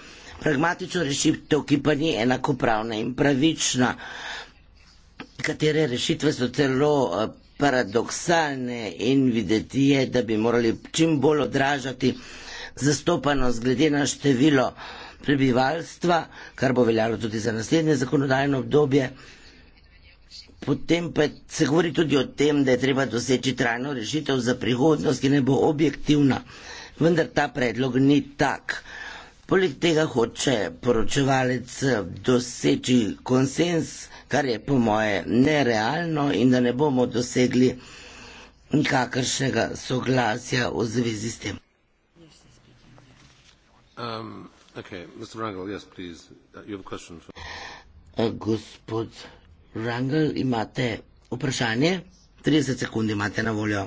pragmatično rešitev, ki pa ni enakopravna in pravična, katere rešitve so celo eh, paradoksalne in videti je, da bi morali čim bolj odražati zastopanost glede na število prebivalstva, kar bo veljalo tudi za naslednje zakonodajno obdobje. Potem pa se govori tudi o tem, da je treba doseči trajno rešitev za prihodnost, ki ne bo objektivna. Vendar ta predlog ni tak. Poleg tega hoče poročevalec doseči konsens, kar je po moje nerealno in da ne bomo dosegli nikakršnega soglasja v zvezi s tem. Um, okay. Rangel, yes, uh, for... Uh, gospod Rangel, imate vprašanje? 30 sekund imate na voljo.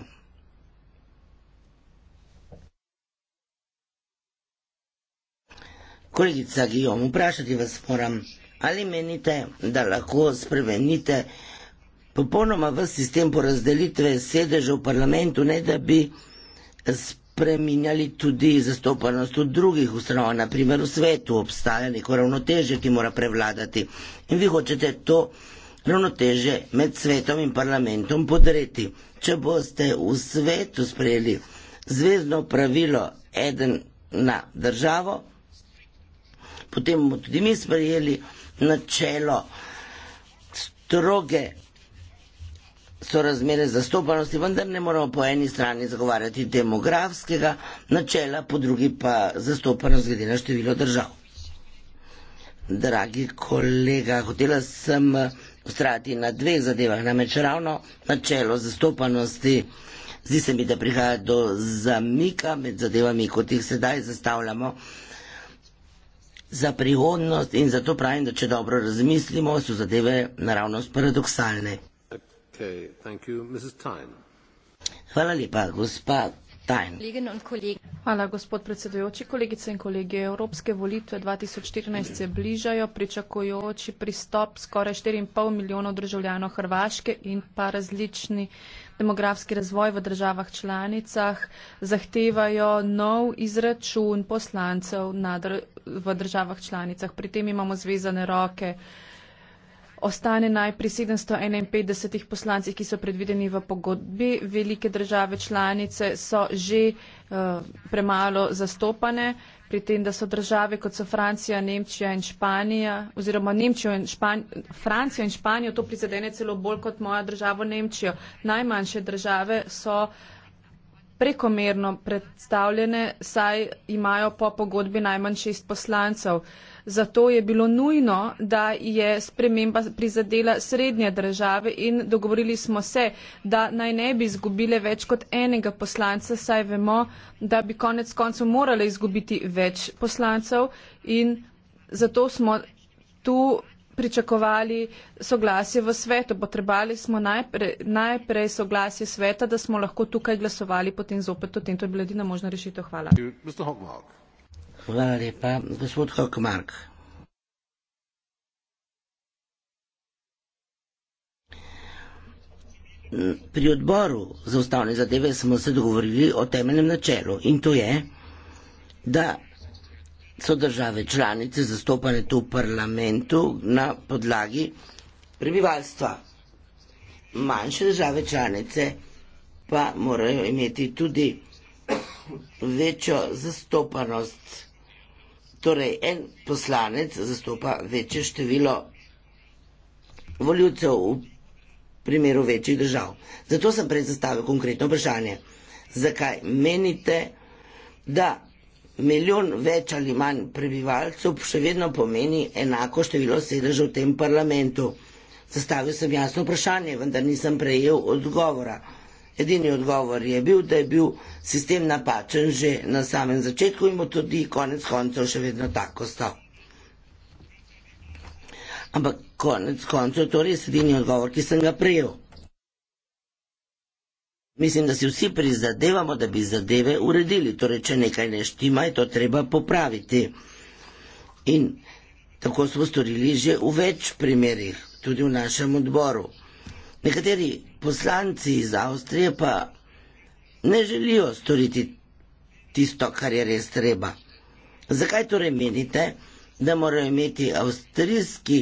Kolegica Gijom, vprašati vas moram, ali menite, da lahko spremenite popolnoma v sistem porazdelitve sedeža v parlamentu, ne da bi spreminjali tudi zastopanost v drugih ustanov, naprimer v svetu obstaja neko ravnoteže, ki mora prevladati in vi hočete to ravnoteže med svetom in parlamentom podreti. Če boste v svetu sprejeli zvezdno pravilo eden na državo, potem bomo tudi mi sprejeli načelo stroge so razmere zastopanosti, vendar ne moramo po eni strani zagovarjati demografskega načela, po drugi pa zastopanost glede na število držav. Dragi kolega, hotela sem ustrati na dveh zadevah, namreč ravno načelo zastopanosti. Zdi se mi, da prihaja do zamika med zadevami, kot jih sedaj zastavljamo za prihodnost in zato pravim, da če dobro razmislimo, so zadeve naravnost paradoksalne. Okay, Hvala lepa, gospa. Hvala, gospod predsedujoči. Kolegice in kolege, Evropske volitve 2014 se bližajo, pričakujoči pristop skoraj 4,5 milijonov državljanov Hrvaške in pa različni uh, demografski razvoj v državah članicah zahtevajo nov izračun poslancev dr v državah članicah. Pri tem imamo zvezane roke. Ostane naj pri 751 poslancih, ki so predvideni v pogodbi. Velike države članice so že uh, premalo zastopane. Uh, pri tem, da so države kot so Francija, Nemčija in Španija, oziroma Nemčijo in Španijo, Francijo in Španijo to prizadene celo bolj kot moja država Nemčijo. Najmanjše države so uh, prekomerno predstavljene, saj imajo po pogodbi najmanj šest poslancev. Zato je bilo nujno, da je sprememba prizadela srednje države in dogovorili smo se, da naj ne bi izgubile več kot enega poslanca, saj vemo, da bi konec koncev morale izgubiti več poslancev in zato smo tu pričakovali soglasje v svetu. Potrebali smo najprej, najprej soglasje sveta, da smo lahko tukaj glasovali, potem zopet o tem. To je bila edina možna rešitev. Hvala. Hvala lepa. Gospod Hockmark. Pri odboru za ustavne zadeve smo se dogovorili o temeljem načelu in to je, da so države članice zastopane tu v parlamentu na podlagi prebivalstva. Manjše države članice pa morajo imeti tudi večjo zastopanost. Torej, en poslanec zastopa večje število voljivcev v primeru večjih držav. Zato sem prej zastavil konkretno vprašanje. Zakaj menite, da milijon več ali manj prebivalcev še vedno pomeni enako število sedežev v tem parlamentu. Zastavil sem jasno vprašanje, vendar nisem prejel odgovora. Edini odgovor je bil, da je bil sistem napačen že na samem začetku in bo tudi konec koncev še vedno tako stal. Ampak konec koncev, torej je edini odgovor, ki sem ga prejel. Mislim, da si vsi prizadevamo, da bi zadeve uredili. Torej, če nekaj ne štima, je to treba popraviti. In tako smo storili že v več primerih, tudi v našem odboru. Nekateri poslanci iz Avstrije pa ne želijo storiti tisto, kar je res treba. Zakaj torej menite, da morajo imeti avstrijski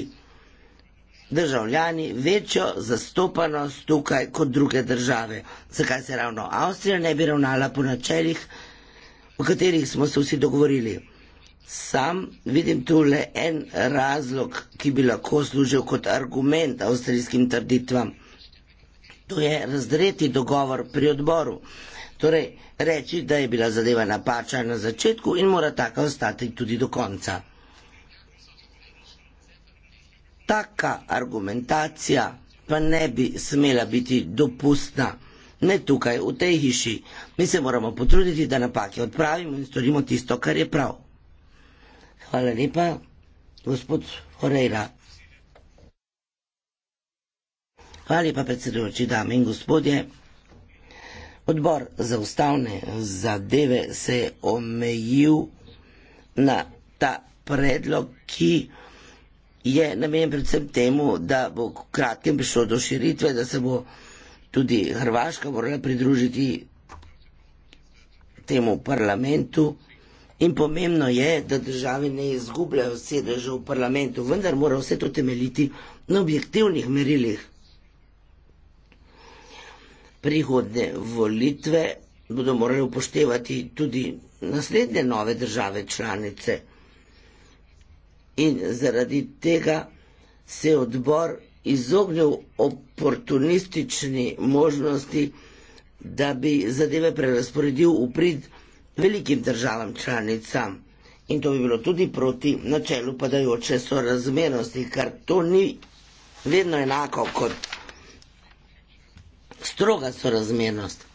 državljani večjo zastopanost tukaj kot druge države. Zakaj se ravno Avstrija ne bi ravnala po načelih, o katerih smo se vsi dogovorili? Sam vidim tu le en razlog, ki bi lahko služil kot argument avstrijskim trditvam. To je razdreti dogovor pri odboru. Torej, reči, da je bila zadeva napačna na začetku in mora taka ostati tudi do konca. Taka argumentacija pa ne bi smela biti dopustna, ne tukaj, v tej hiši. Mi se moramo potruditi, da napake odpravimo in storimo tisto, kar je prav. Hvala lepa, gospod Horejra. Hvala lepa, predsedujoči dame in gospodje. Odbor za ustavne zadeve se je omejil na ta predlog, ki je namenjen predvsem temu, da bo v kratkem prišlo do širitve, da se bo tudi Hrvaška morala pridružiti temu parlamentu. In pomembno je, da države ne izgubljajo sedeža v parlamentu, vendar mora vse to temeljiti na objektivnih merilih. Prihodne volitve bodo morali upoštevati tudi naslednje nove države članice in zaradi tega se je odbor izognil oportunistični možnosti, da bi zadeve prerasporedil v prid velikim državam članicam. In to bi bilo tudi proti načelu padajoče sorazmernosti, kar to ni vedno enako kot stroga sorazmernost.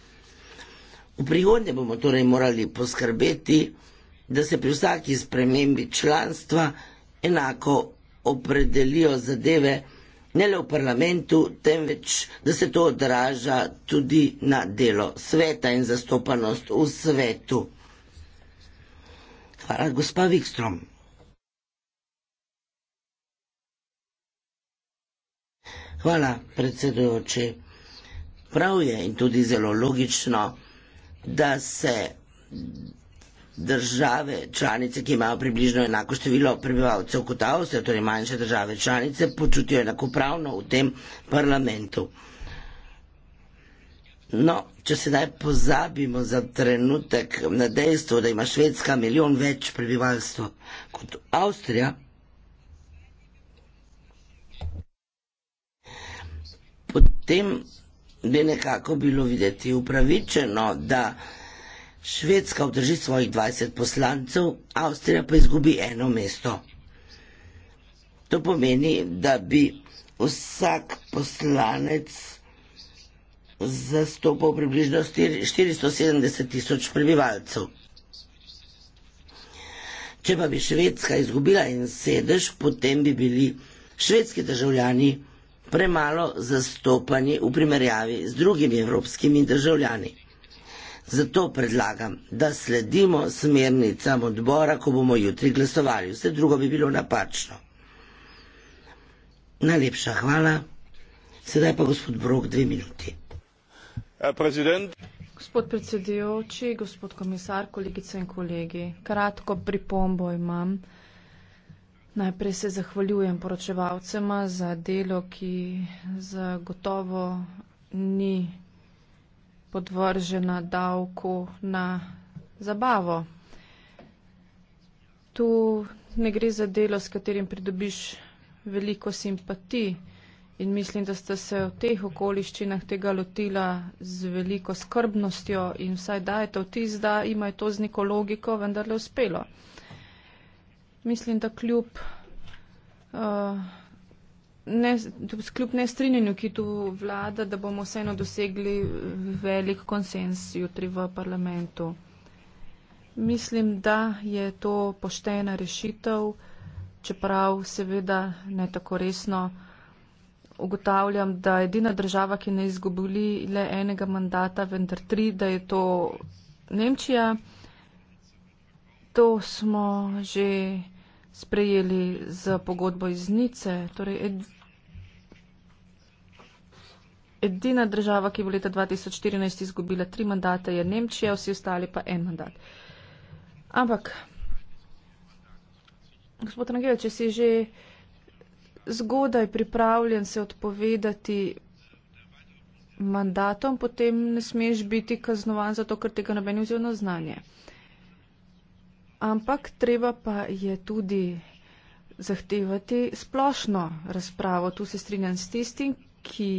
V prihodnje bomo torej morali poskrbeti, da se pri vsaki spremembi članstva enako opredelijo zadeve, ne le v parlamentu, temveč da se to odraža tudi na delo sveta in zastopanost v svetu. Hvala, gospa Vikstrom. Hvala, predsedujoči. Prav je in tudi zelo logično, da se države članice, ki imajo približno enako število prebivalcev kot Avstrija, torej manjše države članice, počutijo enakopravno v tem parlamentu. No, če sedaj pozabimo za trenutek na dejstvo, da ima Švedska milijon več prebivalstva kot Avstrija, potem bi nekako bilo videti upravičeno, da Švedska obdrži svojih 20 poslancev, Avstrija pa izgubi eno mesto. To pomeni, da bi vsak poslanec zastopal približno 470 tisoč prebivalcev. Če pa bi Švedska izgubila en sedež, potem bi bili švedski državljani premalo zastopani v primerjavi z drugimi evropskimi državljani. Zato predlagam, da sledimo smernicam odbora, ko bomo jutri glasovali. Vse drugo bi bilo napačno. Najlepša hvala. Sedaj pa gospod Brok, dve minuti. President. Gospod predsedujoči, gospod komisar, kolegice in kolegi, kratko pripombo imam. Najprej se zahvaljujem poročevalcema za delo, ki zagotovo ni podvržena davku na zabavo. Tu ne gre za delo, s katerim pridobiš veliko simpati in mislim, da ste se v teh okoliščinah tega lotila z veliko skrbnostjo in vsaj dajete vtis, da ima to z neko logiko vendarle uspelo. Mislim, da kljub uh, ne, kljub ne strinjenju, ki tu vlada, da bomo vseeno dosegli velik konsens jutri v parlamentu. Mislim, da je to poštena rešitev, čeprav seveda ne tako resno ugotavljam, da edina država, ki ne izgubili le enega mandata, vendar tri, da je to Nemčija. To smo že sprejeli z pogodbo iz Nice. Torej, Edina država, ki je v leta 2014 izgubila tri mandate, je Nemčija, vsi ostali pa en mandat. Ampak, gospod Rangel, če si že zgodaj pripravljen se odpovedati mandatom, potem ne smeš biti kaznovan zato, ker tega ne meni vzel na znanje. Ampak treba pa je tudi zahtevati splošno razpravo. Tu se strinjam s tistim, ki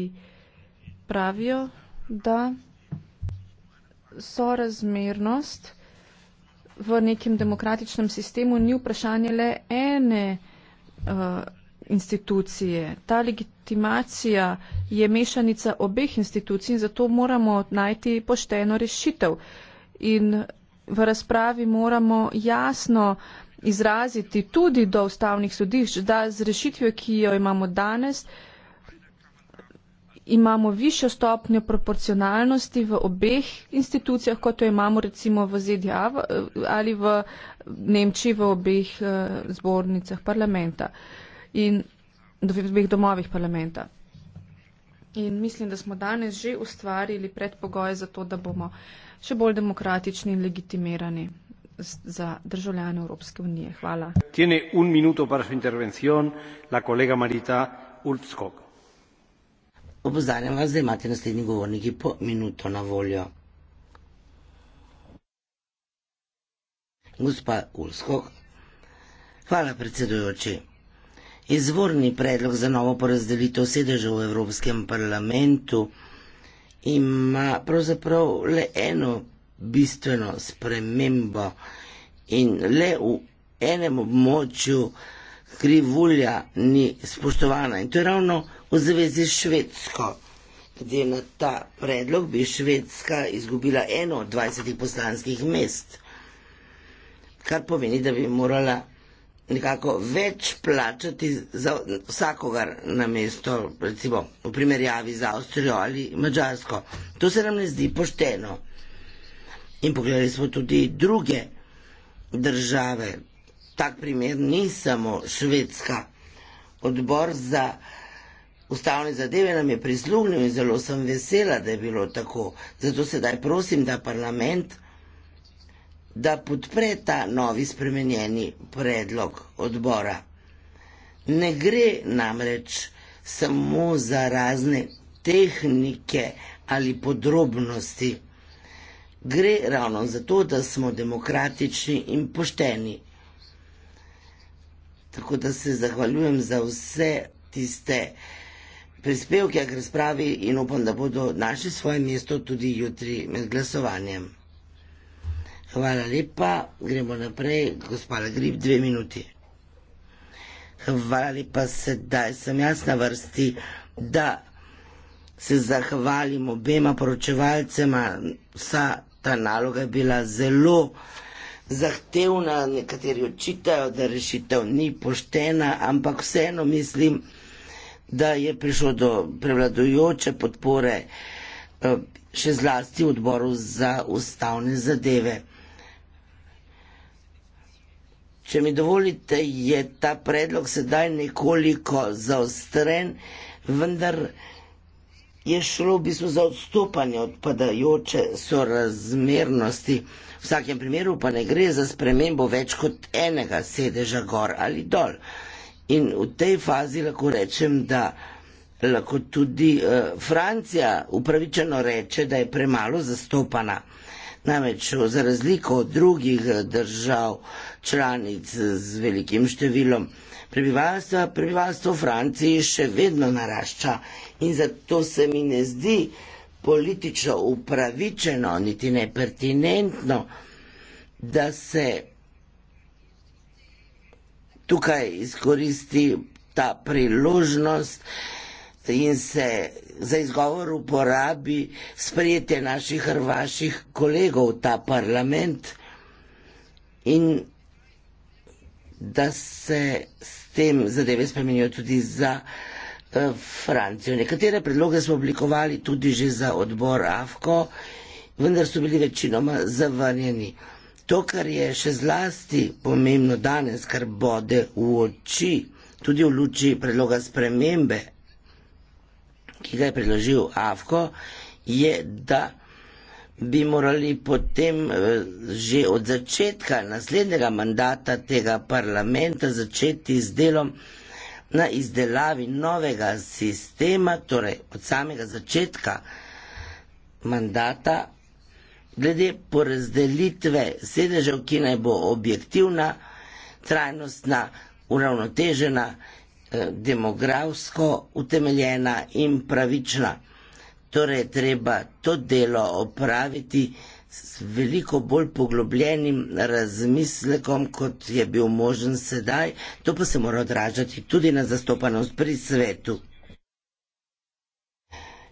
pravijo, da sorazmernost v nekem demokratičnem sistemu ni vprašanje le ene uh, institucije. Ta legitimacija je mešanica obeh institucij in zato moramo najti pošteno rešitev. In v razpravi moramo jasno izraziti tudi do ustavnih sodišč, da z rešitvijo, ki jo imamo danes, uh, imamo višjo stopnjo proporcionalnosti v obeh institucijah, kot jo imamo recimo v ZDA v, ali v Nemčiji v obeh uh, zbornicah parlamenta in v obeh domovih parlamenta. In mislim, da smo danes že ustvarili predpogoje za to, da bomo še bolj demokratični in legitimirani za državljane Evropske unije. Hvala. Tiene un minuto para su intervención la colega Marita Ulfskog. Opozarjam vas, da imate naslednji govorniki po minuto na voljo. Gospa Ulskog. Hvala, predsedujoči. Izvorni predlog za novo porazdelitev sedeža v Evropskem parlamentu ima pravzaprav le eno bistveno spremembo in le v enem območju krivulja ni spoštovana. In to je ravno v zvezi s Švedsko. Glede na ta predlog bi Švedska izgubila eno od 20 poslanskih mest, kar pomeni, da bi morala nekako več plačati za vsakogar na mesto, recimo v primerjavi z Avstrijo ali Mačarsko. To se nam ne zdi pošteno. In pogledali smo tudi druge države. Tak primer ni samo Švedska. Odbor za ustavne zadeve nam je prisluhnil in zelo sem vesela, da je bilo tako. Zato sedaj prosim, da parlament da podpre ta novi spremenjeni predlog odbora. Ne gre namreč samo za razne tehnike ali podrobnosti. Gre ravno za to, da smo demokratični in pošteni. Tako da se zahvaljujem za vse tiste, ki prispevke k razpravi in upam, da bodo našli svoje mesto tudi jutri med glasovanjem. Hvala lepa, gremo naprej, gospod Grib, dve minuti. Hvala lepa, sedaj sem jaz na vrsti, da se zahvalim obema poročevalcema. Vsa ta naloga je bila zelo zahtevna, nekateri očitajo, da rešitev ni poštena, ampak vseeno mislim, da je prišlo do prevladujoče podpore eh, še zlasti odboru za ustavne zadeve. Če mi dovolite, je ta predlog sedaj nekoliko zaostren, vendar je šlo v bistvu za odstopanje od padajoče sorazmernosti. V vsakem primeru pa ne gre za spremembo več kot enega sedeža gor ali dol. In v tej fazi lahko rečem, da lahko tudi uh, Francija upravičeno reče, da je premalo zastopana. Namreč za razliko od drugih eh, držav članic eh, z velikim številom prebivalstva, prebivalstvo v Franciji še vedno narašča in zato se mi ne zdi politično upravičeno, niti ne pertinentno, da se tukaj izkoristi ta priložnost in se za izgovor uporabi sprejetje naših hrvaških kolegov v ta parlament in da se s tem zadeve spremenijo tudi za eh, Francijo. Nekatere predloge smo oblikovali tudi že za odbor AFKO, vendar so bili večinoma zavrnjeni. To, kar je še zlasti pomembno danes, kar bode v oči, tudi v luči predloga spremembe, ki ga je predložil Avko, je, da bi morali potem eh, že od začetka naslednjega mandata tega parlamenta začeti z delom na izdelavi novega sistema, torej od samega začetka mandata glede porazdelitve sedežev, ki naj bo objektivna, trajnostna, uravnotežena, eh, demografsko utemeljena in pravična. Torej, treba to delo opraviti s veliko bolj poglobljenim razmislekom, kot je bil možen sedaj. To pa se mora odražati tudi na zastopanost pri svetu.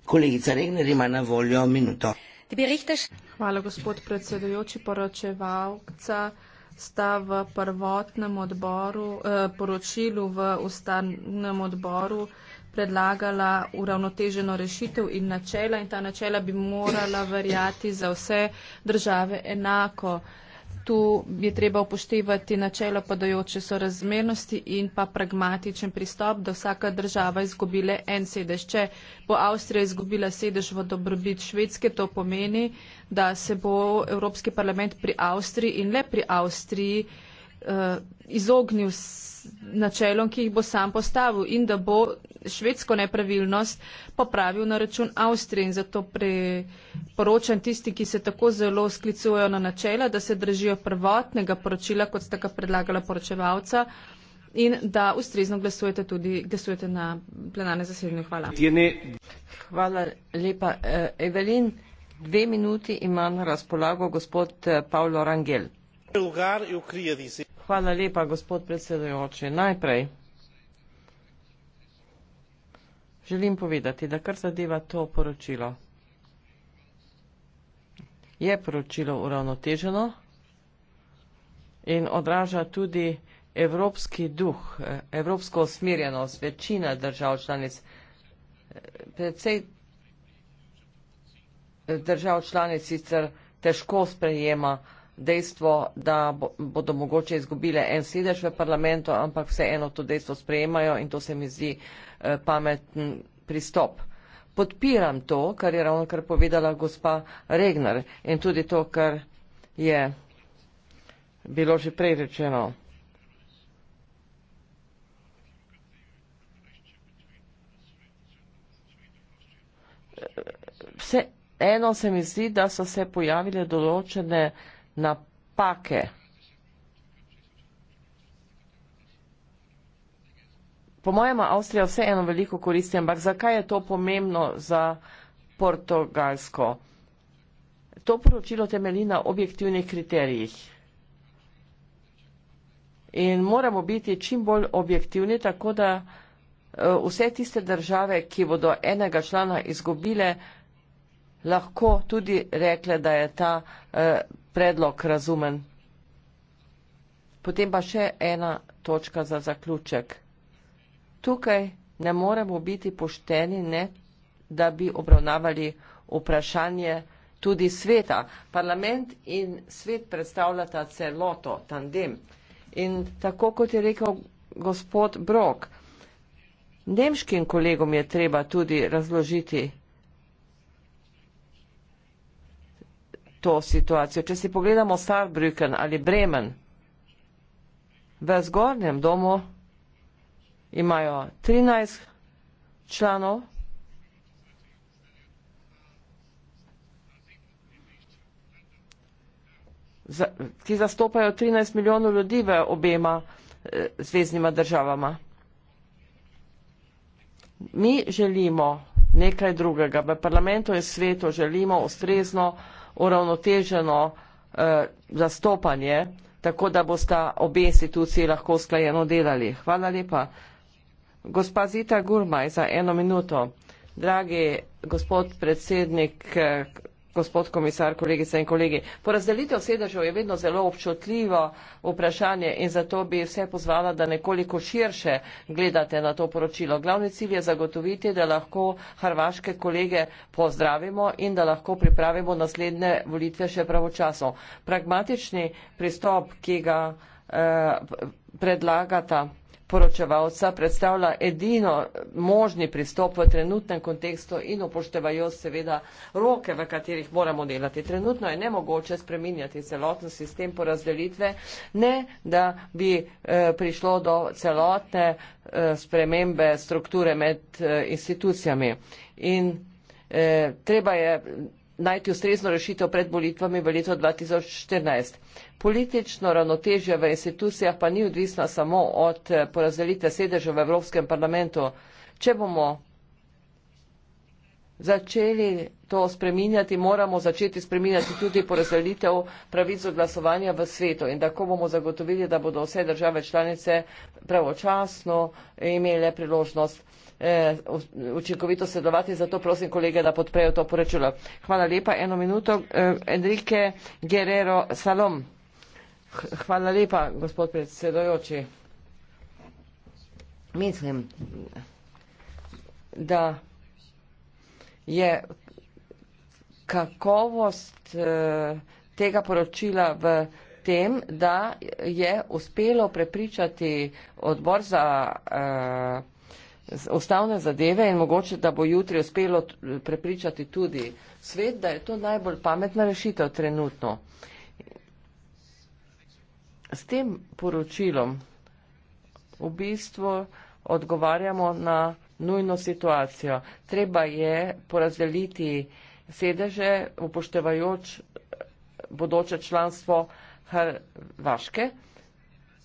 Kolegica Regner ima na voljo minuto. Hvala, gospod predsedujoči. Poročevalca sta v prvotnem odboru, eh, poročilu v ustavnem odboru predlagala uravnoteženo rešitev in načela in ta načela bi morala verjati za vse države enako. Eh, tu je treba upoštevati načelo podajoče sorazmernosti in pa pragmatičen pristop, da vsaka država izgubile en sedež. Če bo Avstrija izgubila sedež v dobrobit Švedske, to pomeni, da se bo Evropski parlament pri Avstriji in le pri Avstriji Eh, izognil načelom, ki jih bo sam postavil in da bo švedsko nepravilnost popravil na račun Avstrije in zato preporočam tisti, ki se tako zelo sklicujejo na načela, da se držijo prvotnega poročila, kot ste ga predlagala poročevalca in da ustrezno glasujete tudi glasujete na plenarne zasedanje. Hvala. Hvala lepa. Eh, Evelin, dve minuti ima na razpolago gospod eh, Pavlo Rangel. Lugar, eu queria dizer... Hvala lepa, gospod predsedujoči. Najprej želim povedati, da kar zadeva to poročilo, je poročilo uravnoteženo in odraža tudi evropski duh, evropsko osmirjenost večina držav članic, predvsej držav članic sicer težko sprejema, dejstvo, da bodo mogoče izgubile en sedež v parlamentu, ampak vseeno to dejstvo sprejemajo in to se mi zdi eh, pameten pristop. Podpiram to, kar je ravno kar povedala gospa Regner in tudi to, kar je bilo že prej rečeno. Vse eno se mi zdi, da so se pojavile določene napake. Po mojem, Avstrija vseeno veliko koristi, ampak zakaj je to pomembno za Portugalsko? To poročilo temelji na objektivnih kriterijih. In moramo biti čim bolj objektivni, tako da eh, vse tiste države, ki bodo enega člana izgubile, lahko tudi rekle, da je ta eh, predlog razumen. Potem pa še ena točka za zaključek. Tukaj ne moremo biti pošteni, ne, da bi obravnavali vprašanje tudi sveta. Parlament in svet predstavljata celoto, tandem. In tako kot je rekel gospod Brok, nemškim kolegom je treba tudi razložiti, to situacijo. Če si pogledamo Saarbrücken ali Bremen, v zgornjem domu imajo 13 članov, ki zastopajo 13 milijonov ljudi v obema eh, zvezdnima državama. Mi želimo nekaj drugega. V parlamentu in svetu želimo ustrezno uravnoteženo eh, zastopanje, tako da bosta obe instituciji lahko sklajeno delali. Hvala lepa. Gospa Zita Gurmaj za eno minuto. Dragi gospod predsednik eh, gospod komisar, kolegice in kolegi. Porazdelitev sedežev je vedno zelo občutljivo vprašanje in zato bi vse pozvala, da nekoliko širše gledate na to poročilo. Glavni cilj je zagotoviti, da lahko hrvaške kolege pozdravimo in da lahko pripravimo naslednje volitve še pravočasno. Pragmatični pristop, ki ga eh, predlagata poročevalca predstavlja edino možni pristop v trenutnem kontekstu in upoštevajo seveda roke, v katerih moramo delati. Trenutno je nemogoče spreminjati celoten sistem porazdelitve, ne da bi eh, prišlo do celotne eh, spremembe strukture med eh, institucijami. In eh, treba je najti ustrezno rešitev pred volitvami v letu 2014. Politično ravnotežje v institucijah pa ni odvisno samo od eh, porazdelitve sedežev v Evropskem parlamentu. Če bomo začeli to spreminjati, moramo začeti spreminjati tudi porazdelitev pravic glasovanja v svetu in tako bomo zagotovili, da bodo vse države članice pravočasno imele priložnost eh, učinkovito sedovati. Zato prosim kolege, da podprejo to poročilo. Hvala lepa. Eno minuto. Eh, Enrique Guerrero Salom. Hvala lepa, gospod predsedojoči. Mislim, da je kakovost eh, tega poročila v tem, da je uspelo prepričati odbor za uh, ustavne zadeve in mogoče, da bo jutri uspelo prepričati tudi svet, da je to najbolj pametna rešitev trenutno. Uh, s tem poročilom v bistvu odgovarjamo na nujno situacijo. Treba je porazdeliti sedeže, upoštevajoč eh, bodoče članstvo Hrvaške.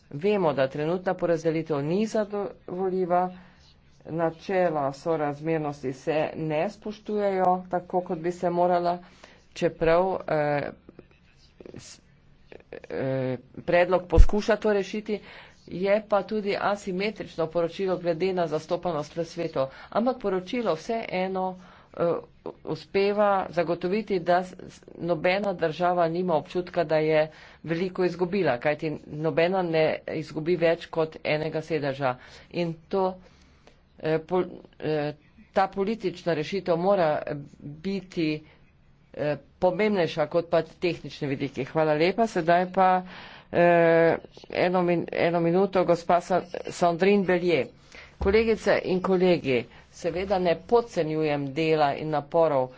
Vemo, da trenutna porazdelitev ni zadovoljiva, načela sorazmernosti se ne spoštujejo tako, kot bi se morala, čeprav eh, s, eh, torej predlog poskuša to rešiti, je pa tudi asimetrično poročilo glede na zastopanost v svetu. Ampak poročilo vseeno uh, eh, uspeva zagotoviti, da nobena država nima občutka, da je veliko izgubila, kajti nobena ne izgubi več kot enega sedeža. In to, eh, pol, eh, ta politična rešitev mora biti Eh, pomembnejša kot pa tehnične vidike. Hvala lepa. Sedaj pa eh, eno, min, eno minuto, gospa Sandrin Belje. Kolegice in kolegi, seveda ne podcenjujem dela in naporov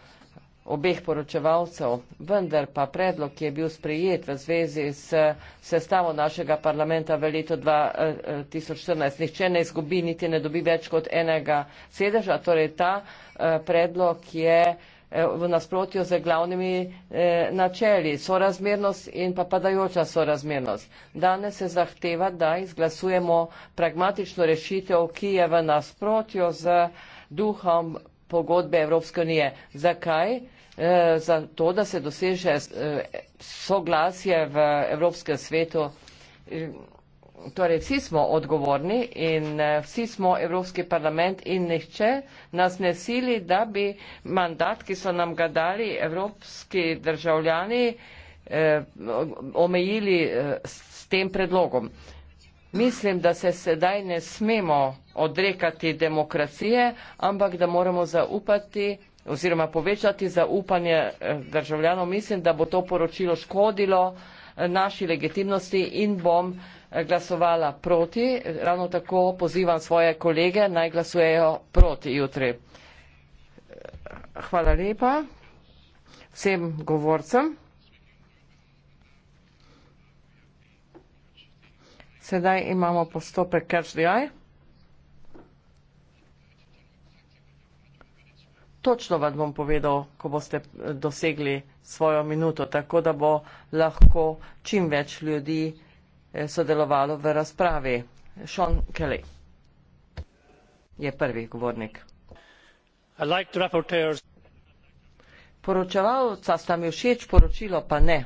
obeh poročevalcev, vendar pa predlog, ki je bil sprejet v zvezi s sestavo našega parlamenta v letu 2014, eh, nihče ne izgubi, niti ne dobi več kot enega sedeža, torej ta eh, predlog je Eh, v nasprotju z glavnimi eh, načeli sorazmernost in pa padajoča sorazmernost. Danes se zahteva, da izglasujemo pragmatično rešitev, ki je v nasprotju z duhom pogodbe Evropske unije. Zakaj? Eh, zato, da se doseže eh, soglasje v Evropskem svetu. Eh, torej vsi smo odgovorni in eh, vsi smo Evropski parlament in nihče nas ne sili, da bi mandat, ki so nam ga dali evropski državljani, eh, omejili eh, s tem predlogom. Mislim, da se sedaj ne smemo odrekati demokracije, ampak da moramo zaupati oziroma povečati zaupanje eh, državljanov. Mislim, da bo to poročilo škodilo eh, naši legitimnosti in bom eh, glasovala proti, ravno tako pozivam svoje kolege, naj glasujejo proti jutri. Hvala lepa vsem govorcem. Sedaj imamo postopek KRŠDI. Točno vam bom povedal, ko boste dosegli svojo minuto, tako da bo lahko čim več ljudi. Eh, sodelovalo v razpravi. Sean Kelly je prvi govornik. Poročevalca sta mi všeč, poročilo pa ne.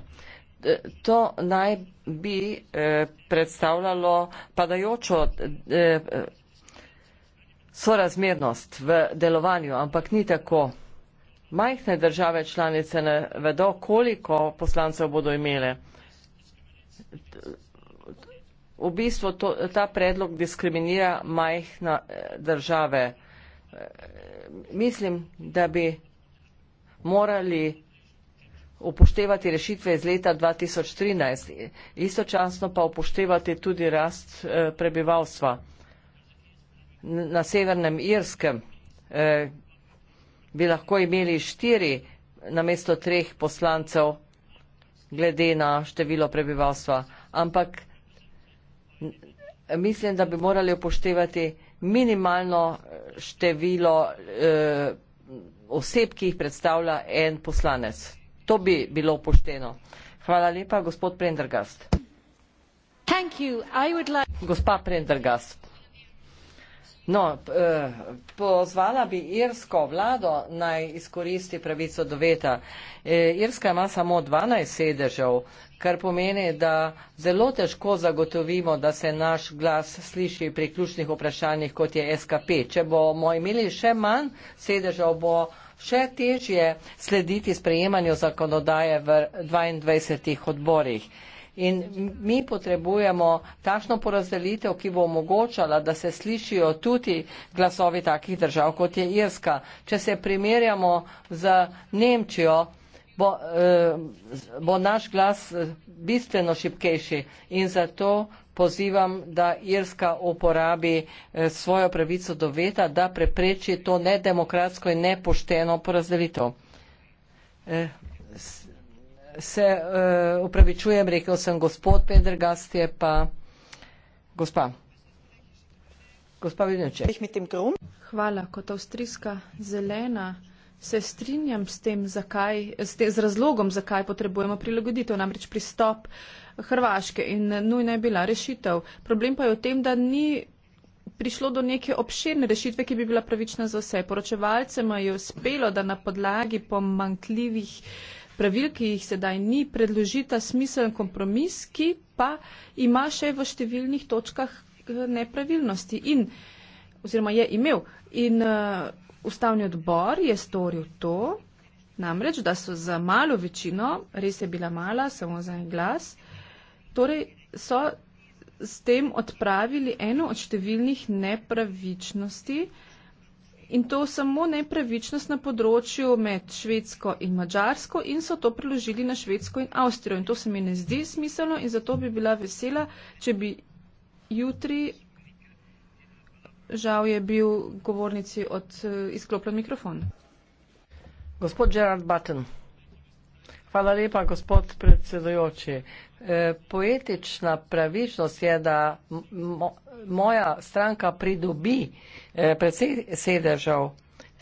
Eh, to naj bi eh, predstavljalo padajočo sorazmernost v delovanju, ampak ni tako. Majhne države članice ne vedo, koliko poslancev bodo imele v bistvu to, ta predlog diskriminira majhne eh, države. Eh, mislim, da bi morali upoštevati rešitve iz leta 2013, istočasno pa upoštevati tudi rast eh, prebivalstva. Na severnem Irskem bi lahko imeli štiri namesto treh poslancev glede na število prebivalstva, ampak mislim, da bi morali upoštevati minimalno eh, število eh, oseb, ki jih predstavlja en poslanec. To bi bilo upošteno. Hvala lepa, gospod Prendergast. Like... Gospa Prendergast. No, eh, pozvala bi irsko vlado naj izkoristi pravico do veta. Eh, Irska ima samo 12 sedežev, kar pomeni, da zelo težko zagotovimo, da se naš glas sliši pri ključnih vprašanjih, kot je SKP. Če bomo imeli še manj sedežev, bo še težje slediti sprejemanju zakonodaje v 22 odborih. In mi potrebujemo takšno porazdelitev, ki bo omogočala, da se slišijo tudi glasovi takih držav, kot je Irska. Če se primerjamo z Nemčijo, bo, eh, bo naš glas eh, bistveno šipkejši. In zato pozivam, da Irska uporabi eh, svojo pravico do veta, da prepreči to nedemokratsko in nepošteno porazdelitev. Eh, se uh, eh, upravičujem, rekel sem gospod Pedergast je pa gospa. Gospa Vidnoček. Hvala, kot avstrijska zelena. Se strinjam s tem, zakaj, s te, z razlogom, zakaj potrebujemo prilagoditev, namreč pristop Hrvaške in nujna je bila rešitev. Problem pa je v tem, da ni prišlo do neke obširne rešitve, ki bi bila pravična za vse. Poročevalcema je uspelo, da na podlagi pomankljivih uh, pravil, ki jih sedaj ni, predložita smiseln kompromis, ki pa ima še v številnih točkah eh, nepravilnosti in oziroma je imel. In uh, ustavni odbor je storil to, namreč, da so za malo večino, res je bila mala, samo za en glas, torej so s tem odpravili eno od številnih nepravičnosti, uh, in to samo nepravičnost na področju med Švedsko in Mačarsko in so to preložili na Švedsko in Avstrijo. In to se mi ne zdi smiselno in zato bi bila vesela, če bi jutri, žal je bil govornici od eh, izklopljen mikrofon. Gospod Gerard Button. Hvala lepa, gospod predsedujoči. Eh, poetična pravičnost je, da moja stranka pridobi eh, predvsej sedežev,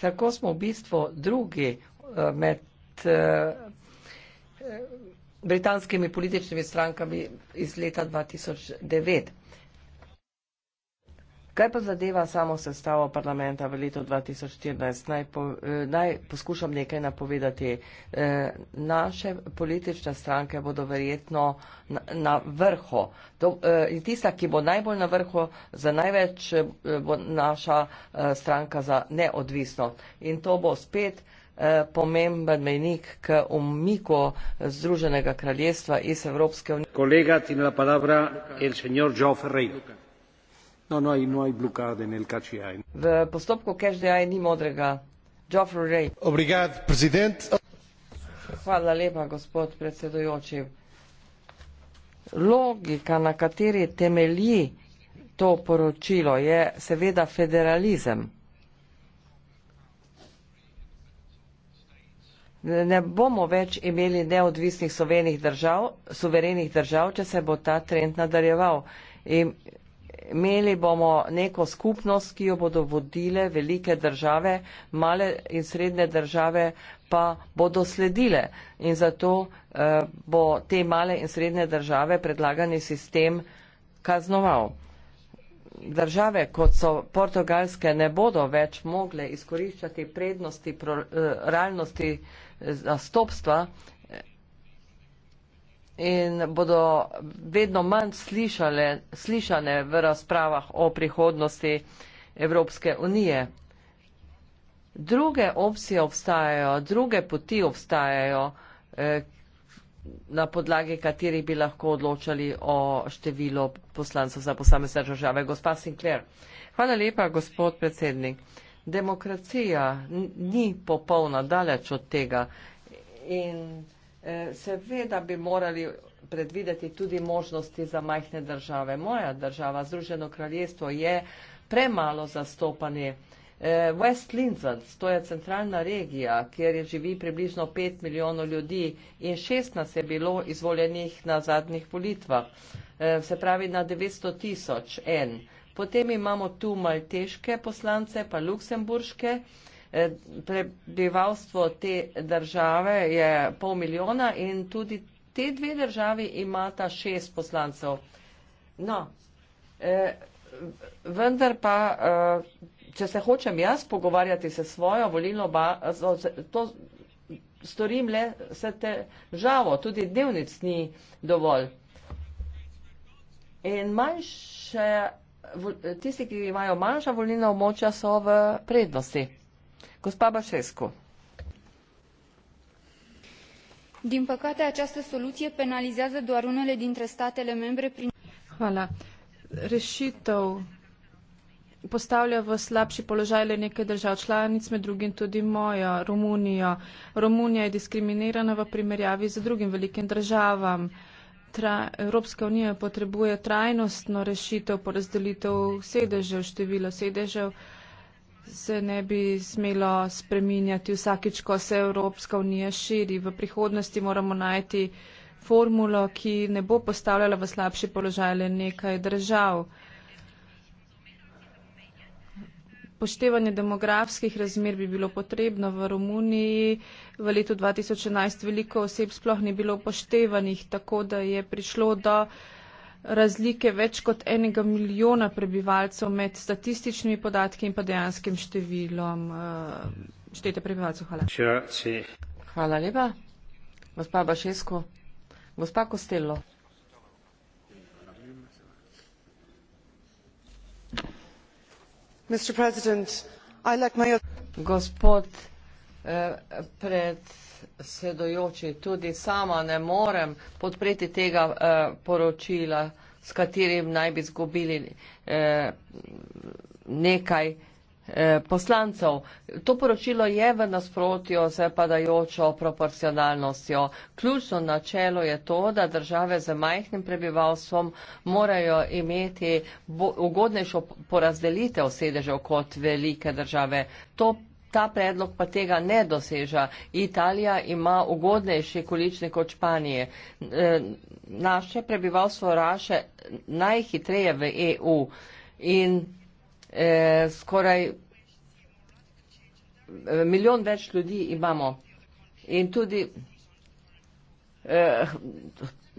tako smo v bistvu drugi eh, med eh, eh britanskimi političnimi strankami iz leta 2009. Kaj pa zadeva samo sestavo parlamenta v letu 2014? Naj, po, eh, naj poskušam nekaj napovedati. Eh, naše politične stranke bodo verjetno na, na vrhu. Eh, tista, ki bo najbolj na vrhu, za največ bo naša stranka za neodvisno. In to bo spet pomemben menik k umiku Združenega kraljestva iz Evropske unije. Kolega, ti ima palavra, el señor Joffrey. Luka. No, no, no hay blockade nel KCI. V postopku KCI ni modrega. Geoffrey Ray. Obrigad, president. Hvala lepa, gospod predsedujoči. Logika, na kateri temelji to poročilo, je seveda federalizem. Ne bomo več imeli neodvisnih sovenih držav, suverenih držav, če se bo ta trend nadaljeval. In Imeli bomo neko skupnost, ki jo bodo vodile velike države, male in srednje države pa bodo sledile. In zato eh, bo te male in srednje države predlagani sistem kaznoval. Države, kot so portugalske, ne bodo več mogle izkoriščati prednosti, pro, eh, realnosti eh, zastopstva in bodo vedno manj slišale, slišane v razpravah o prihodnosti Evropske unije. Druge opcije obstajajo, druge poti obstajajo, eh, na podlagi katerih bi lahko odločali o število poslancev za posamezne države. Gospa Sinclair. Hvala lepa, gospod predsednik. Demokracija ni popolna, daleč od tega. In Eh, seveda bi morali predvideti tudi možnosti za majhne države. Moja država, Združeno kraljestvo, je premalo zastopani. Eh, West Linzans, to je centralna regija, kjer je živi približno 5 milijonov ljudi in 16 je bilo izvoljenih na zadnjih volitvah, eh, se pravi na 900 tisoč en. Potem imamo tu malteške poslance, pa luksemburške. Eh, prebivalstvo te države je pol milijona in tudi te dve državi imata šest poslancev. No, eh, vendar pa, eh, če se hočem jaz pogovarjati se svojo volilno bazo, to storim le se težavo, tudi dnevnic ni dovolj. In manjše, tisti, ki imajo manjša volilna območja, so v prednosti. Gospa Bașescu. Din păcate, această soluție penalizează doar unele dintre statele membre prin... Hvala. Rešitev postavlja v slabši položaj le nekaj držav članic, med drugim tudi mojo, Romunijo. Romunija je diskriminirana v primerjavi z drugim velikim državam. Tra, Evropska unija potrebuje trajnostno rešitev po razdelitev sedežev, število sedežev se ne bi smelo spreminjati vsakič, ko se Evropska unija širi. V prihodnosti moramo najti formulo, ki ne bo postavljala v slabši položaj le nekaj držav. Poštevanje demografskih razmer bi bilo potrebno v Romuniji. V letu 2011 veliko oseb sploh ni bilo poštevanih, tako da je prišlo do razlike več kot enega milijona prebivalcev med statističnimi podatki in pa dejanskim številom uh, štete prebivalcev. Hvala. Hvala lepa. Gospa Bašesko. Gospa Kostelo. Gospod uh, pred sedojoči, tudi sama ne morem podpreti tega eh, poročila, s katerim naj bi zgubili eh, nekaj eh, poslancev. To poročilo je v nasprotju z padajočo proporcionalnostjo. Ključno načelo je to, da države z majhnim prebivalstvom morajo imeti ugodnejšo porazdelitev sedežev kot velike države. To Ta predlog pa tega ne doseža. Italija ima ugodnejše količne kot Španije. E, naše prebivalstvo raše najhitreje v EU in e, skoraj e, milijon več ljudi imamo. In tudi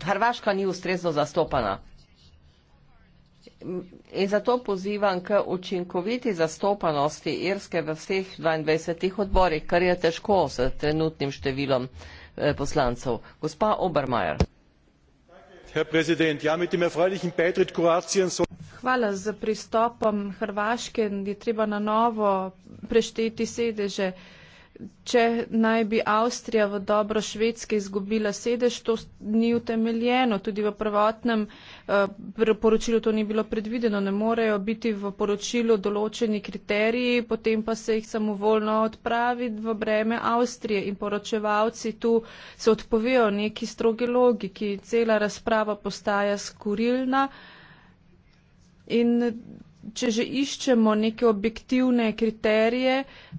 Hrvaška ni ustrezno zastopana in zato pozivam k učinkoviti zastopanosti Irske v vseh 22 odborih, kar je težko s trenutnim številom eh, poslancev. Gospa Obermajer. Ja, Hvala za pristopom Hrvaške, je treba na novo prešteti sedeže če naj bi Avstrija v dobro Švedske izgubila sedež, to ni utemeljeno. Tudi v prvotnem uh, poročilu to ni bilo predvideno. Ne morejo biti v poročilu določeni kriteriji, potem pa se jih samovoljno odpravi v breme Avstrije. In poročevalci tu se odpovejo neki strogi logiki. Cela razprava postaja skurilna. In če že iščemo neke objektivne kriterije,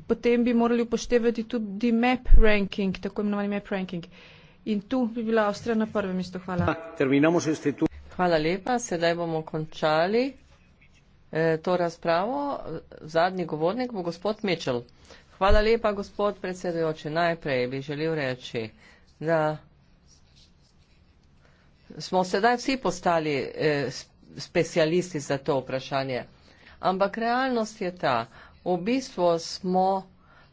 potem bi morali upoštevati tudi map ranking, tako imenovani map ranking. In tu bi bila Avstrija na prvem mestu. Hvala. Hvala lepa. Sedaj bomo končali eh, to razpravo. Zadnji govornik bo gospod Mitchell. Hvala lepa, gospod predsedujoči. Najprej bi želel reči, da smo sedaj vsi postali eh, specialisti za to vprašanje ampak realnost je ta. V bistvu smo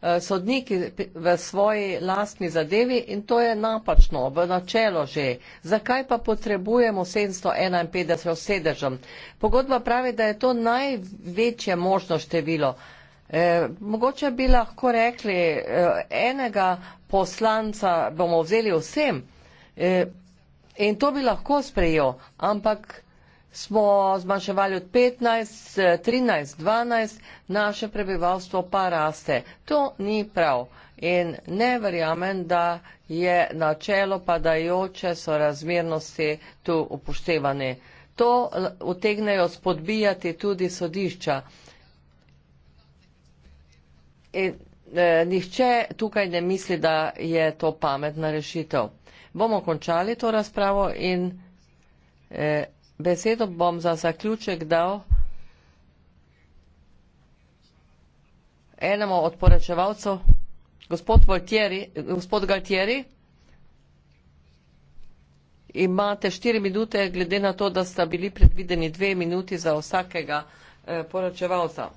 eh, sodniki v svoji lastni zadevi in to je napačno, v načelo že. Zakaj pa potrebujemo 751 sedežem? Pogodba pravi, da je to največje možno število. E, mogoče bi lahko rekli, eh, enega poslanca bomo vzeli vsem e, in to bi lahko sprejel, ampak smo zmanjševali od 15, 13, 12, naše prebivalstvo pa raste. To ni prav. In ne verjamem, da je načelo padajoče sorazmernosti tu upoštevane. To utegnejo spodbijati tudi sodišča. In eh, nihče tukaj ne misli, da je to pametna rešitev. Bomo končali to razpravo in. Eh, besedo bom za zaključek dal enemu od poročevalcev, gospod Valtieri, gospod Galtieri, imate štiri minute, glede na to, da sta bili predvideni dve minuti za vsakega eh, poročevalca.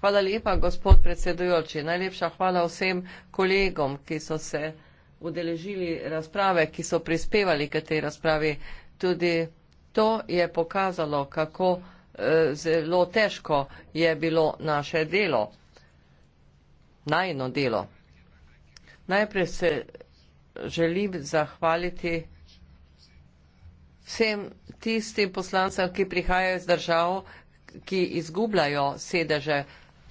Hvala lepa, gospod predsedujoči. Najlepša hvala vsem kolegom, ki so se udeležili razprave, ki so prispevali k tej razpravi. Tudi To je pokazalo, kako e, zelo težko je bilo naše delo, najno delo. Najprej se želim zahvaliti vsem tistim poslancem, ki prihajajo iz držav, ki izgubljajo sedeže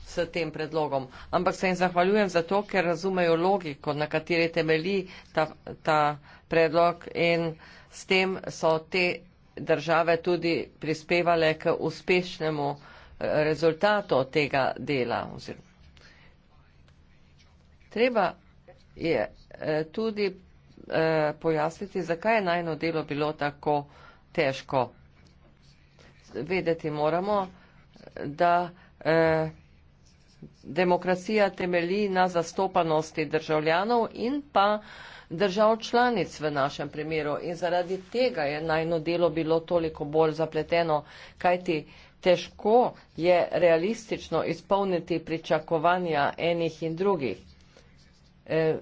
s tem predlogom. Ampak se jim zahvaljujem zato, ker razumejo logiko, na kateri temelji ta, ta predlog in s tem so te države tudi prispevale k uspešnemu eh, rezultatu tega dela. Treba je eh, tudi eh, pojasniti, zakaj je najno delo bilo tako težko. Vedeti moramo, da demokracija temelji na zastopanosti državljanov in pa na zastopanosti državljanov držav članic v našem primeru in zaradi tega je najno delo bilo toliko bolj zapleteno, kajti težko je realistično izpolniti pričakovanja enih in drugih. E,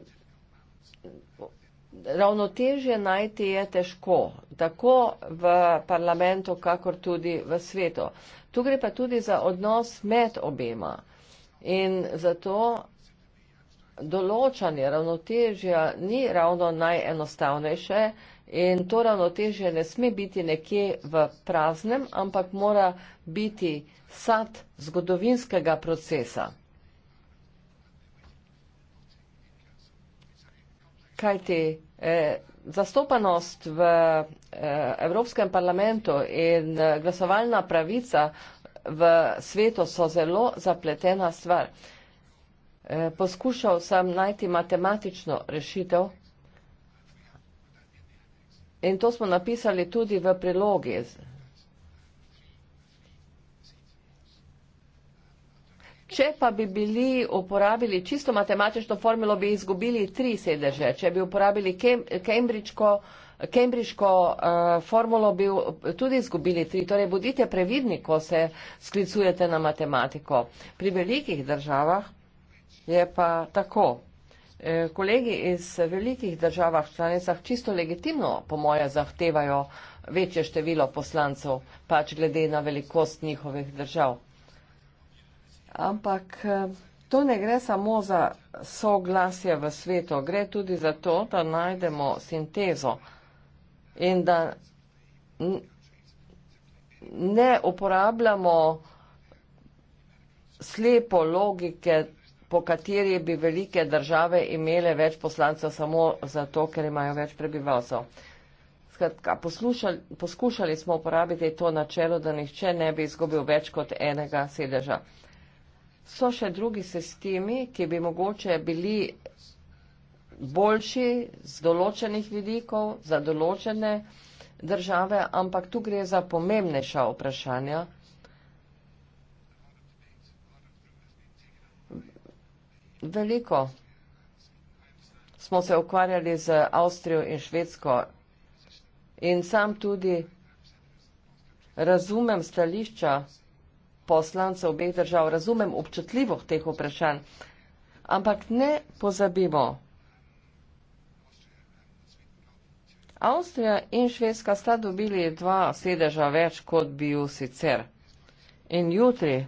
ravnotežje najti je težko, tako v parlamentu, kakor tudi v svetu. Tu gre pa tudi za odnos med obema. In zato določanje ravnotežja ni ravno najenostavnejše in to ravnotežje ne sme biti nekje v praznem, ampak mora biti sad zgodovinskega procesa. Kajti eh, zastopanost v eh, Evropskem parlamentu in eh, glasovalna pravica v svetu so zelo zapletena stvar. Eh, poskušal sem najti matematično rešitev in to smo napisali tudi v prilogi. Če pa bi bili uporabili čisto matematično formulo, bi izgubili tri sedeže. Če bi uporabili kembričko, kembričko uh, eh, formulo, bi tudi izgubili tri. Torej, bodite previdni, ko se sklicujete na matematiko. Pri velikih državah Je pa tako. E, kolegi iz velikih državah članicah čisto legitimno, po moje, zahtevajo večje število poslancev, pač glede na velikost njihovih držav. Ampak e, to ne gre samo za soglasje v svetu, gre tudi za to, da najdemo sintezo in da ne uporabljamo slepo logike po kateri bi velike države imele več poslancev samo zato, ker imajo več prebivalcev. Skratka, poslušali, poskušali smo uporabiti to načelo, da nihče ne bi izgubil več kot enega sedeža. So še drugi sistemi, ki bi mogoče bili boljši z določenih vidikov, za določene države, ampak tu gre za pomembnejša vprašanja. veliko smo se ukvarjali z Avstrijo in Švedsko in sam tudi razumem stališča poslancev obeh držav, razumem občutljivost teh vprašanj, ampak ne pozabimo. Avstrija in Švedska sta dobili dva sedeža več, kot bi ju sicer. In jutri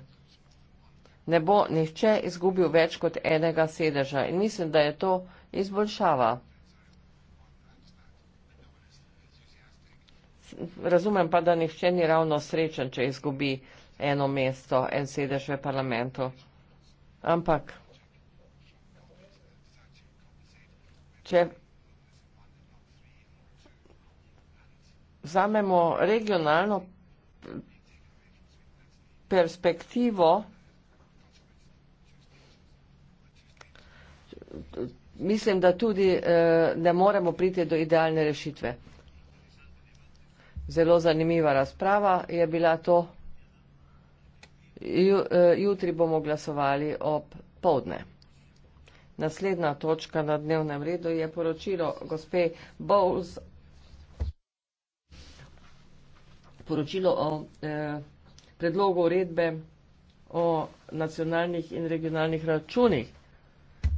ne bo nihče izgubil več kot enega sedeža in mislim, da je to izboljšava. Razumem pa, da nihče ni ravno srečen, če izgubi eno mesto, en sedež v parlamentu. Ampak, če vzamemo regionalno perspektivo, mislim, da tudi uh, ne moremo priti do idealne rešitve. Zelo zanimiva razprava je bila to. Ju, uh, jutri bomo glasovali ob povdne. Naslednja točka na dnevnem redu je poročilo gospe Bowles. Poročilo o eh, predlogu uredbe o nacionalnih in regionalnih računih.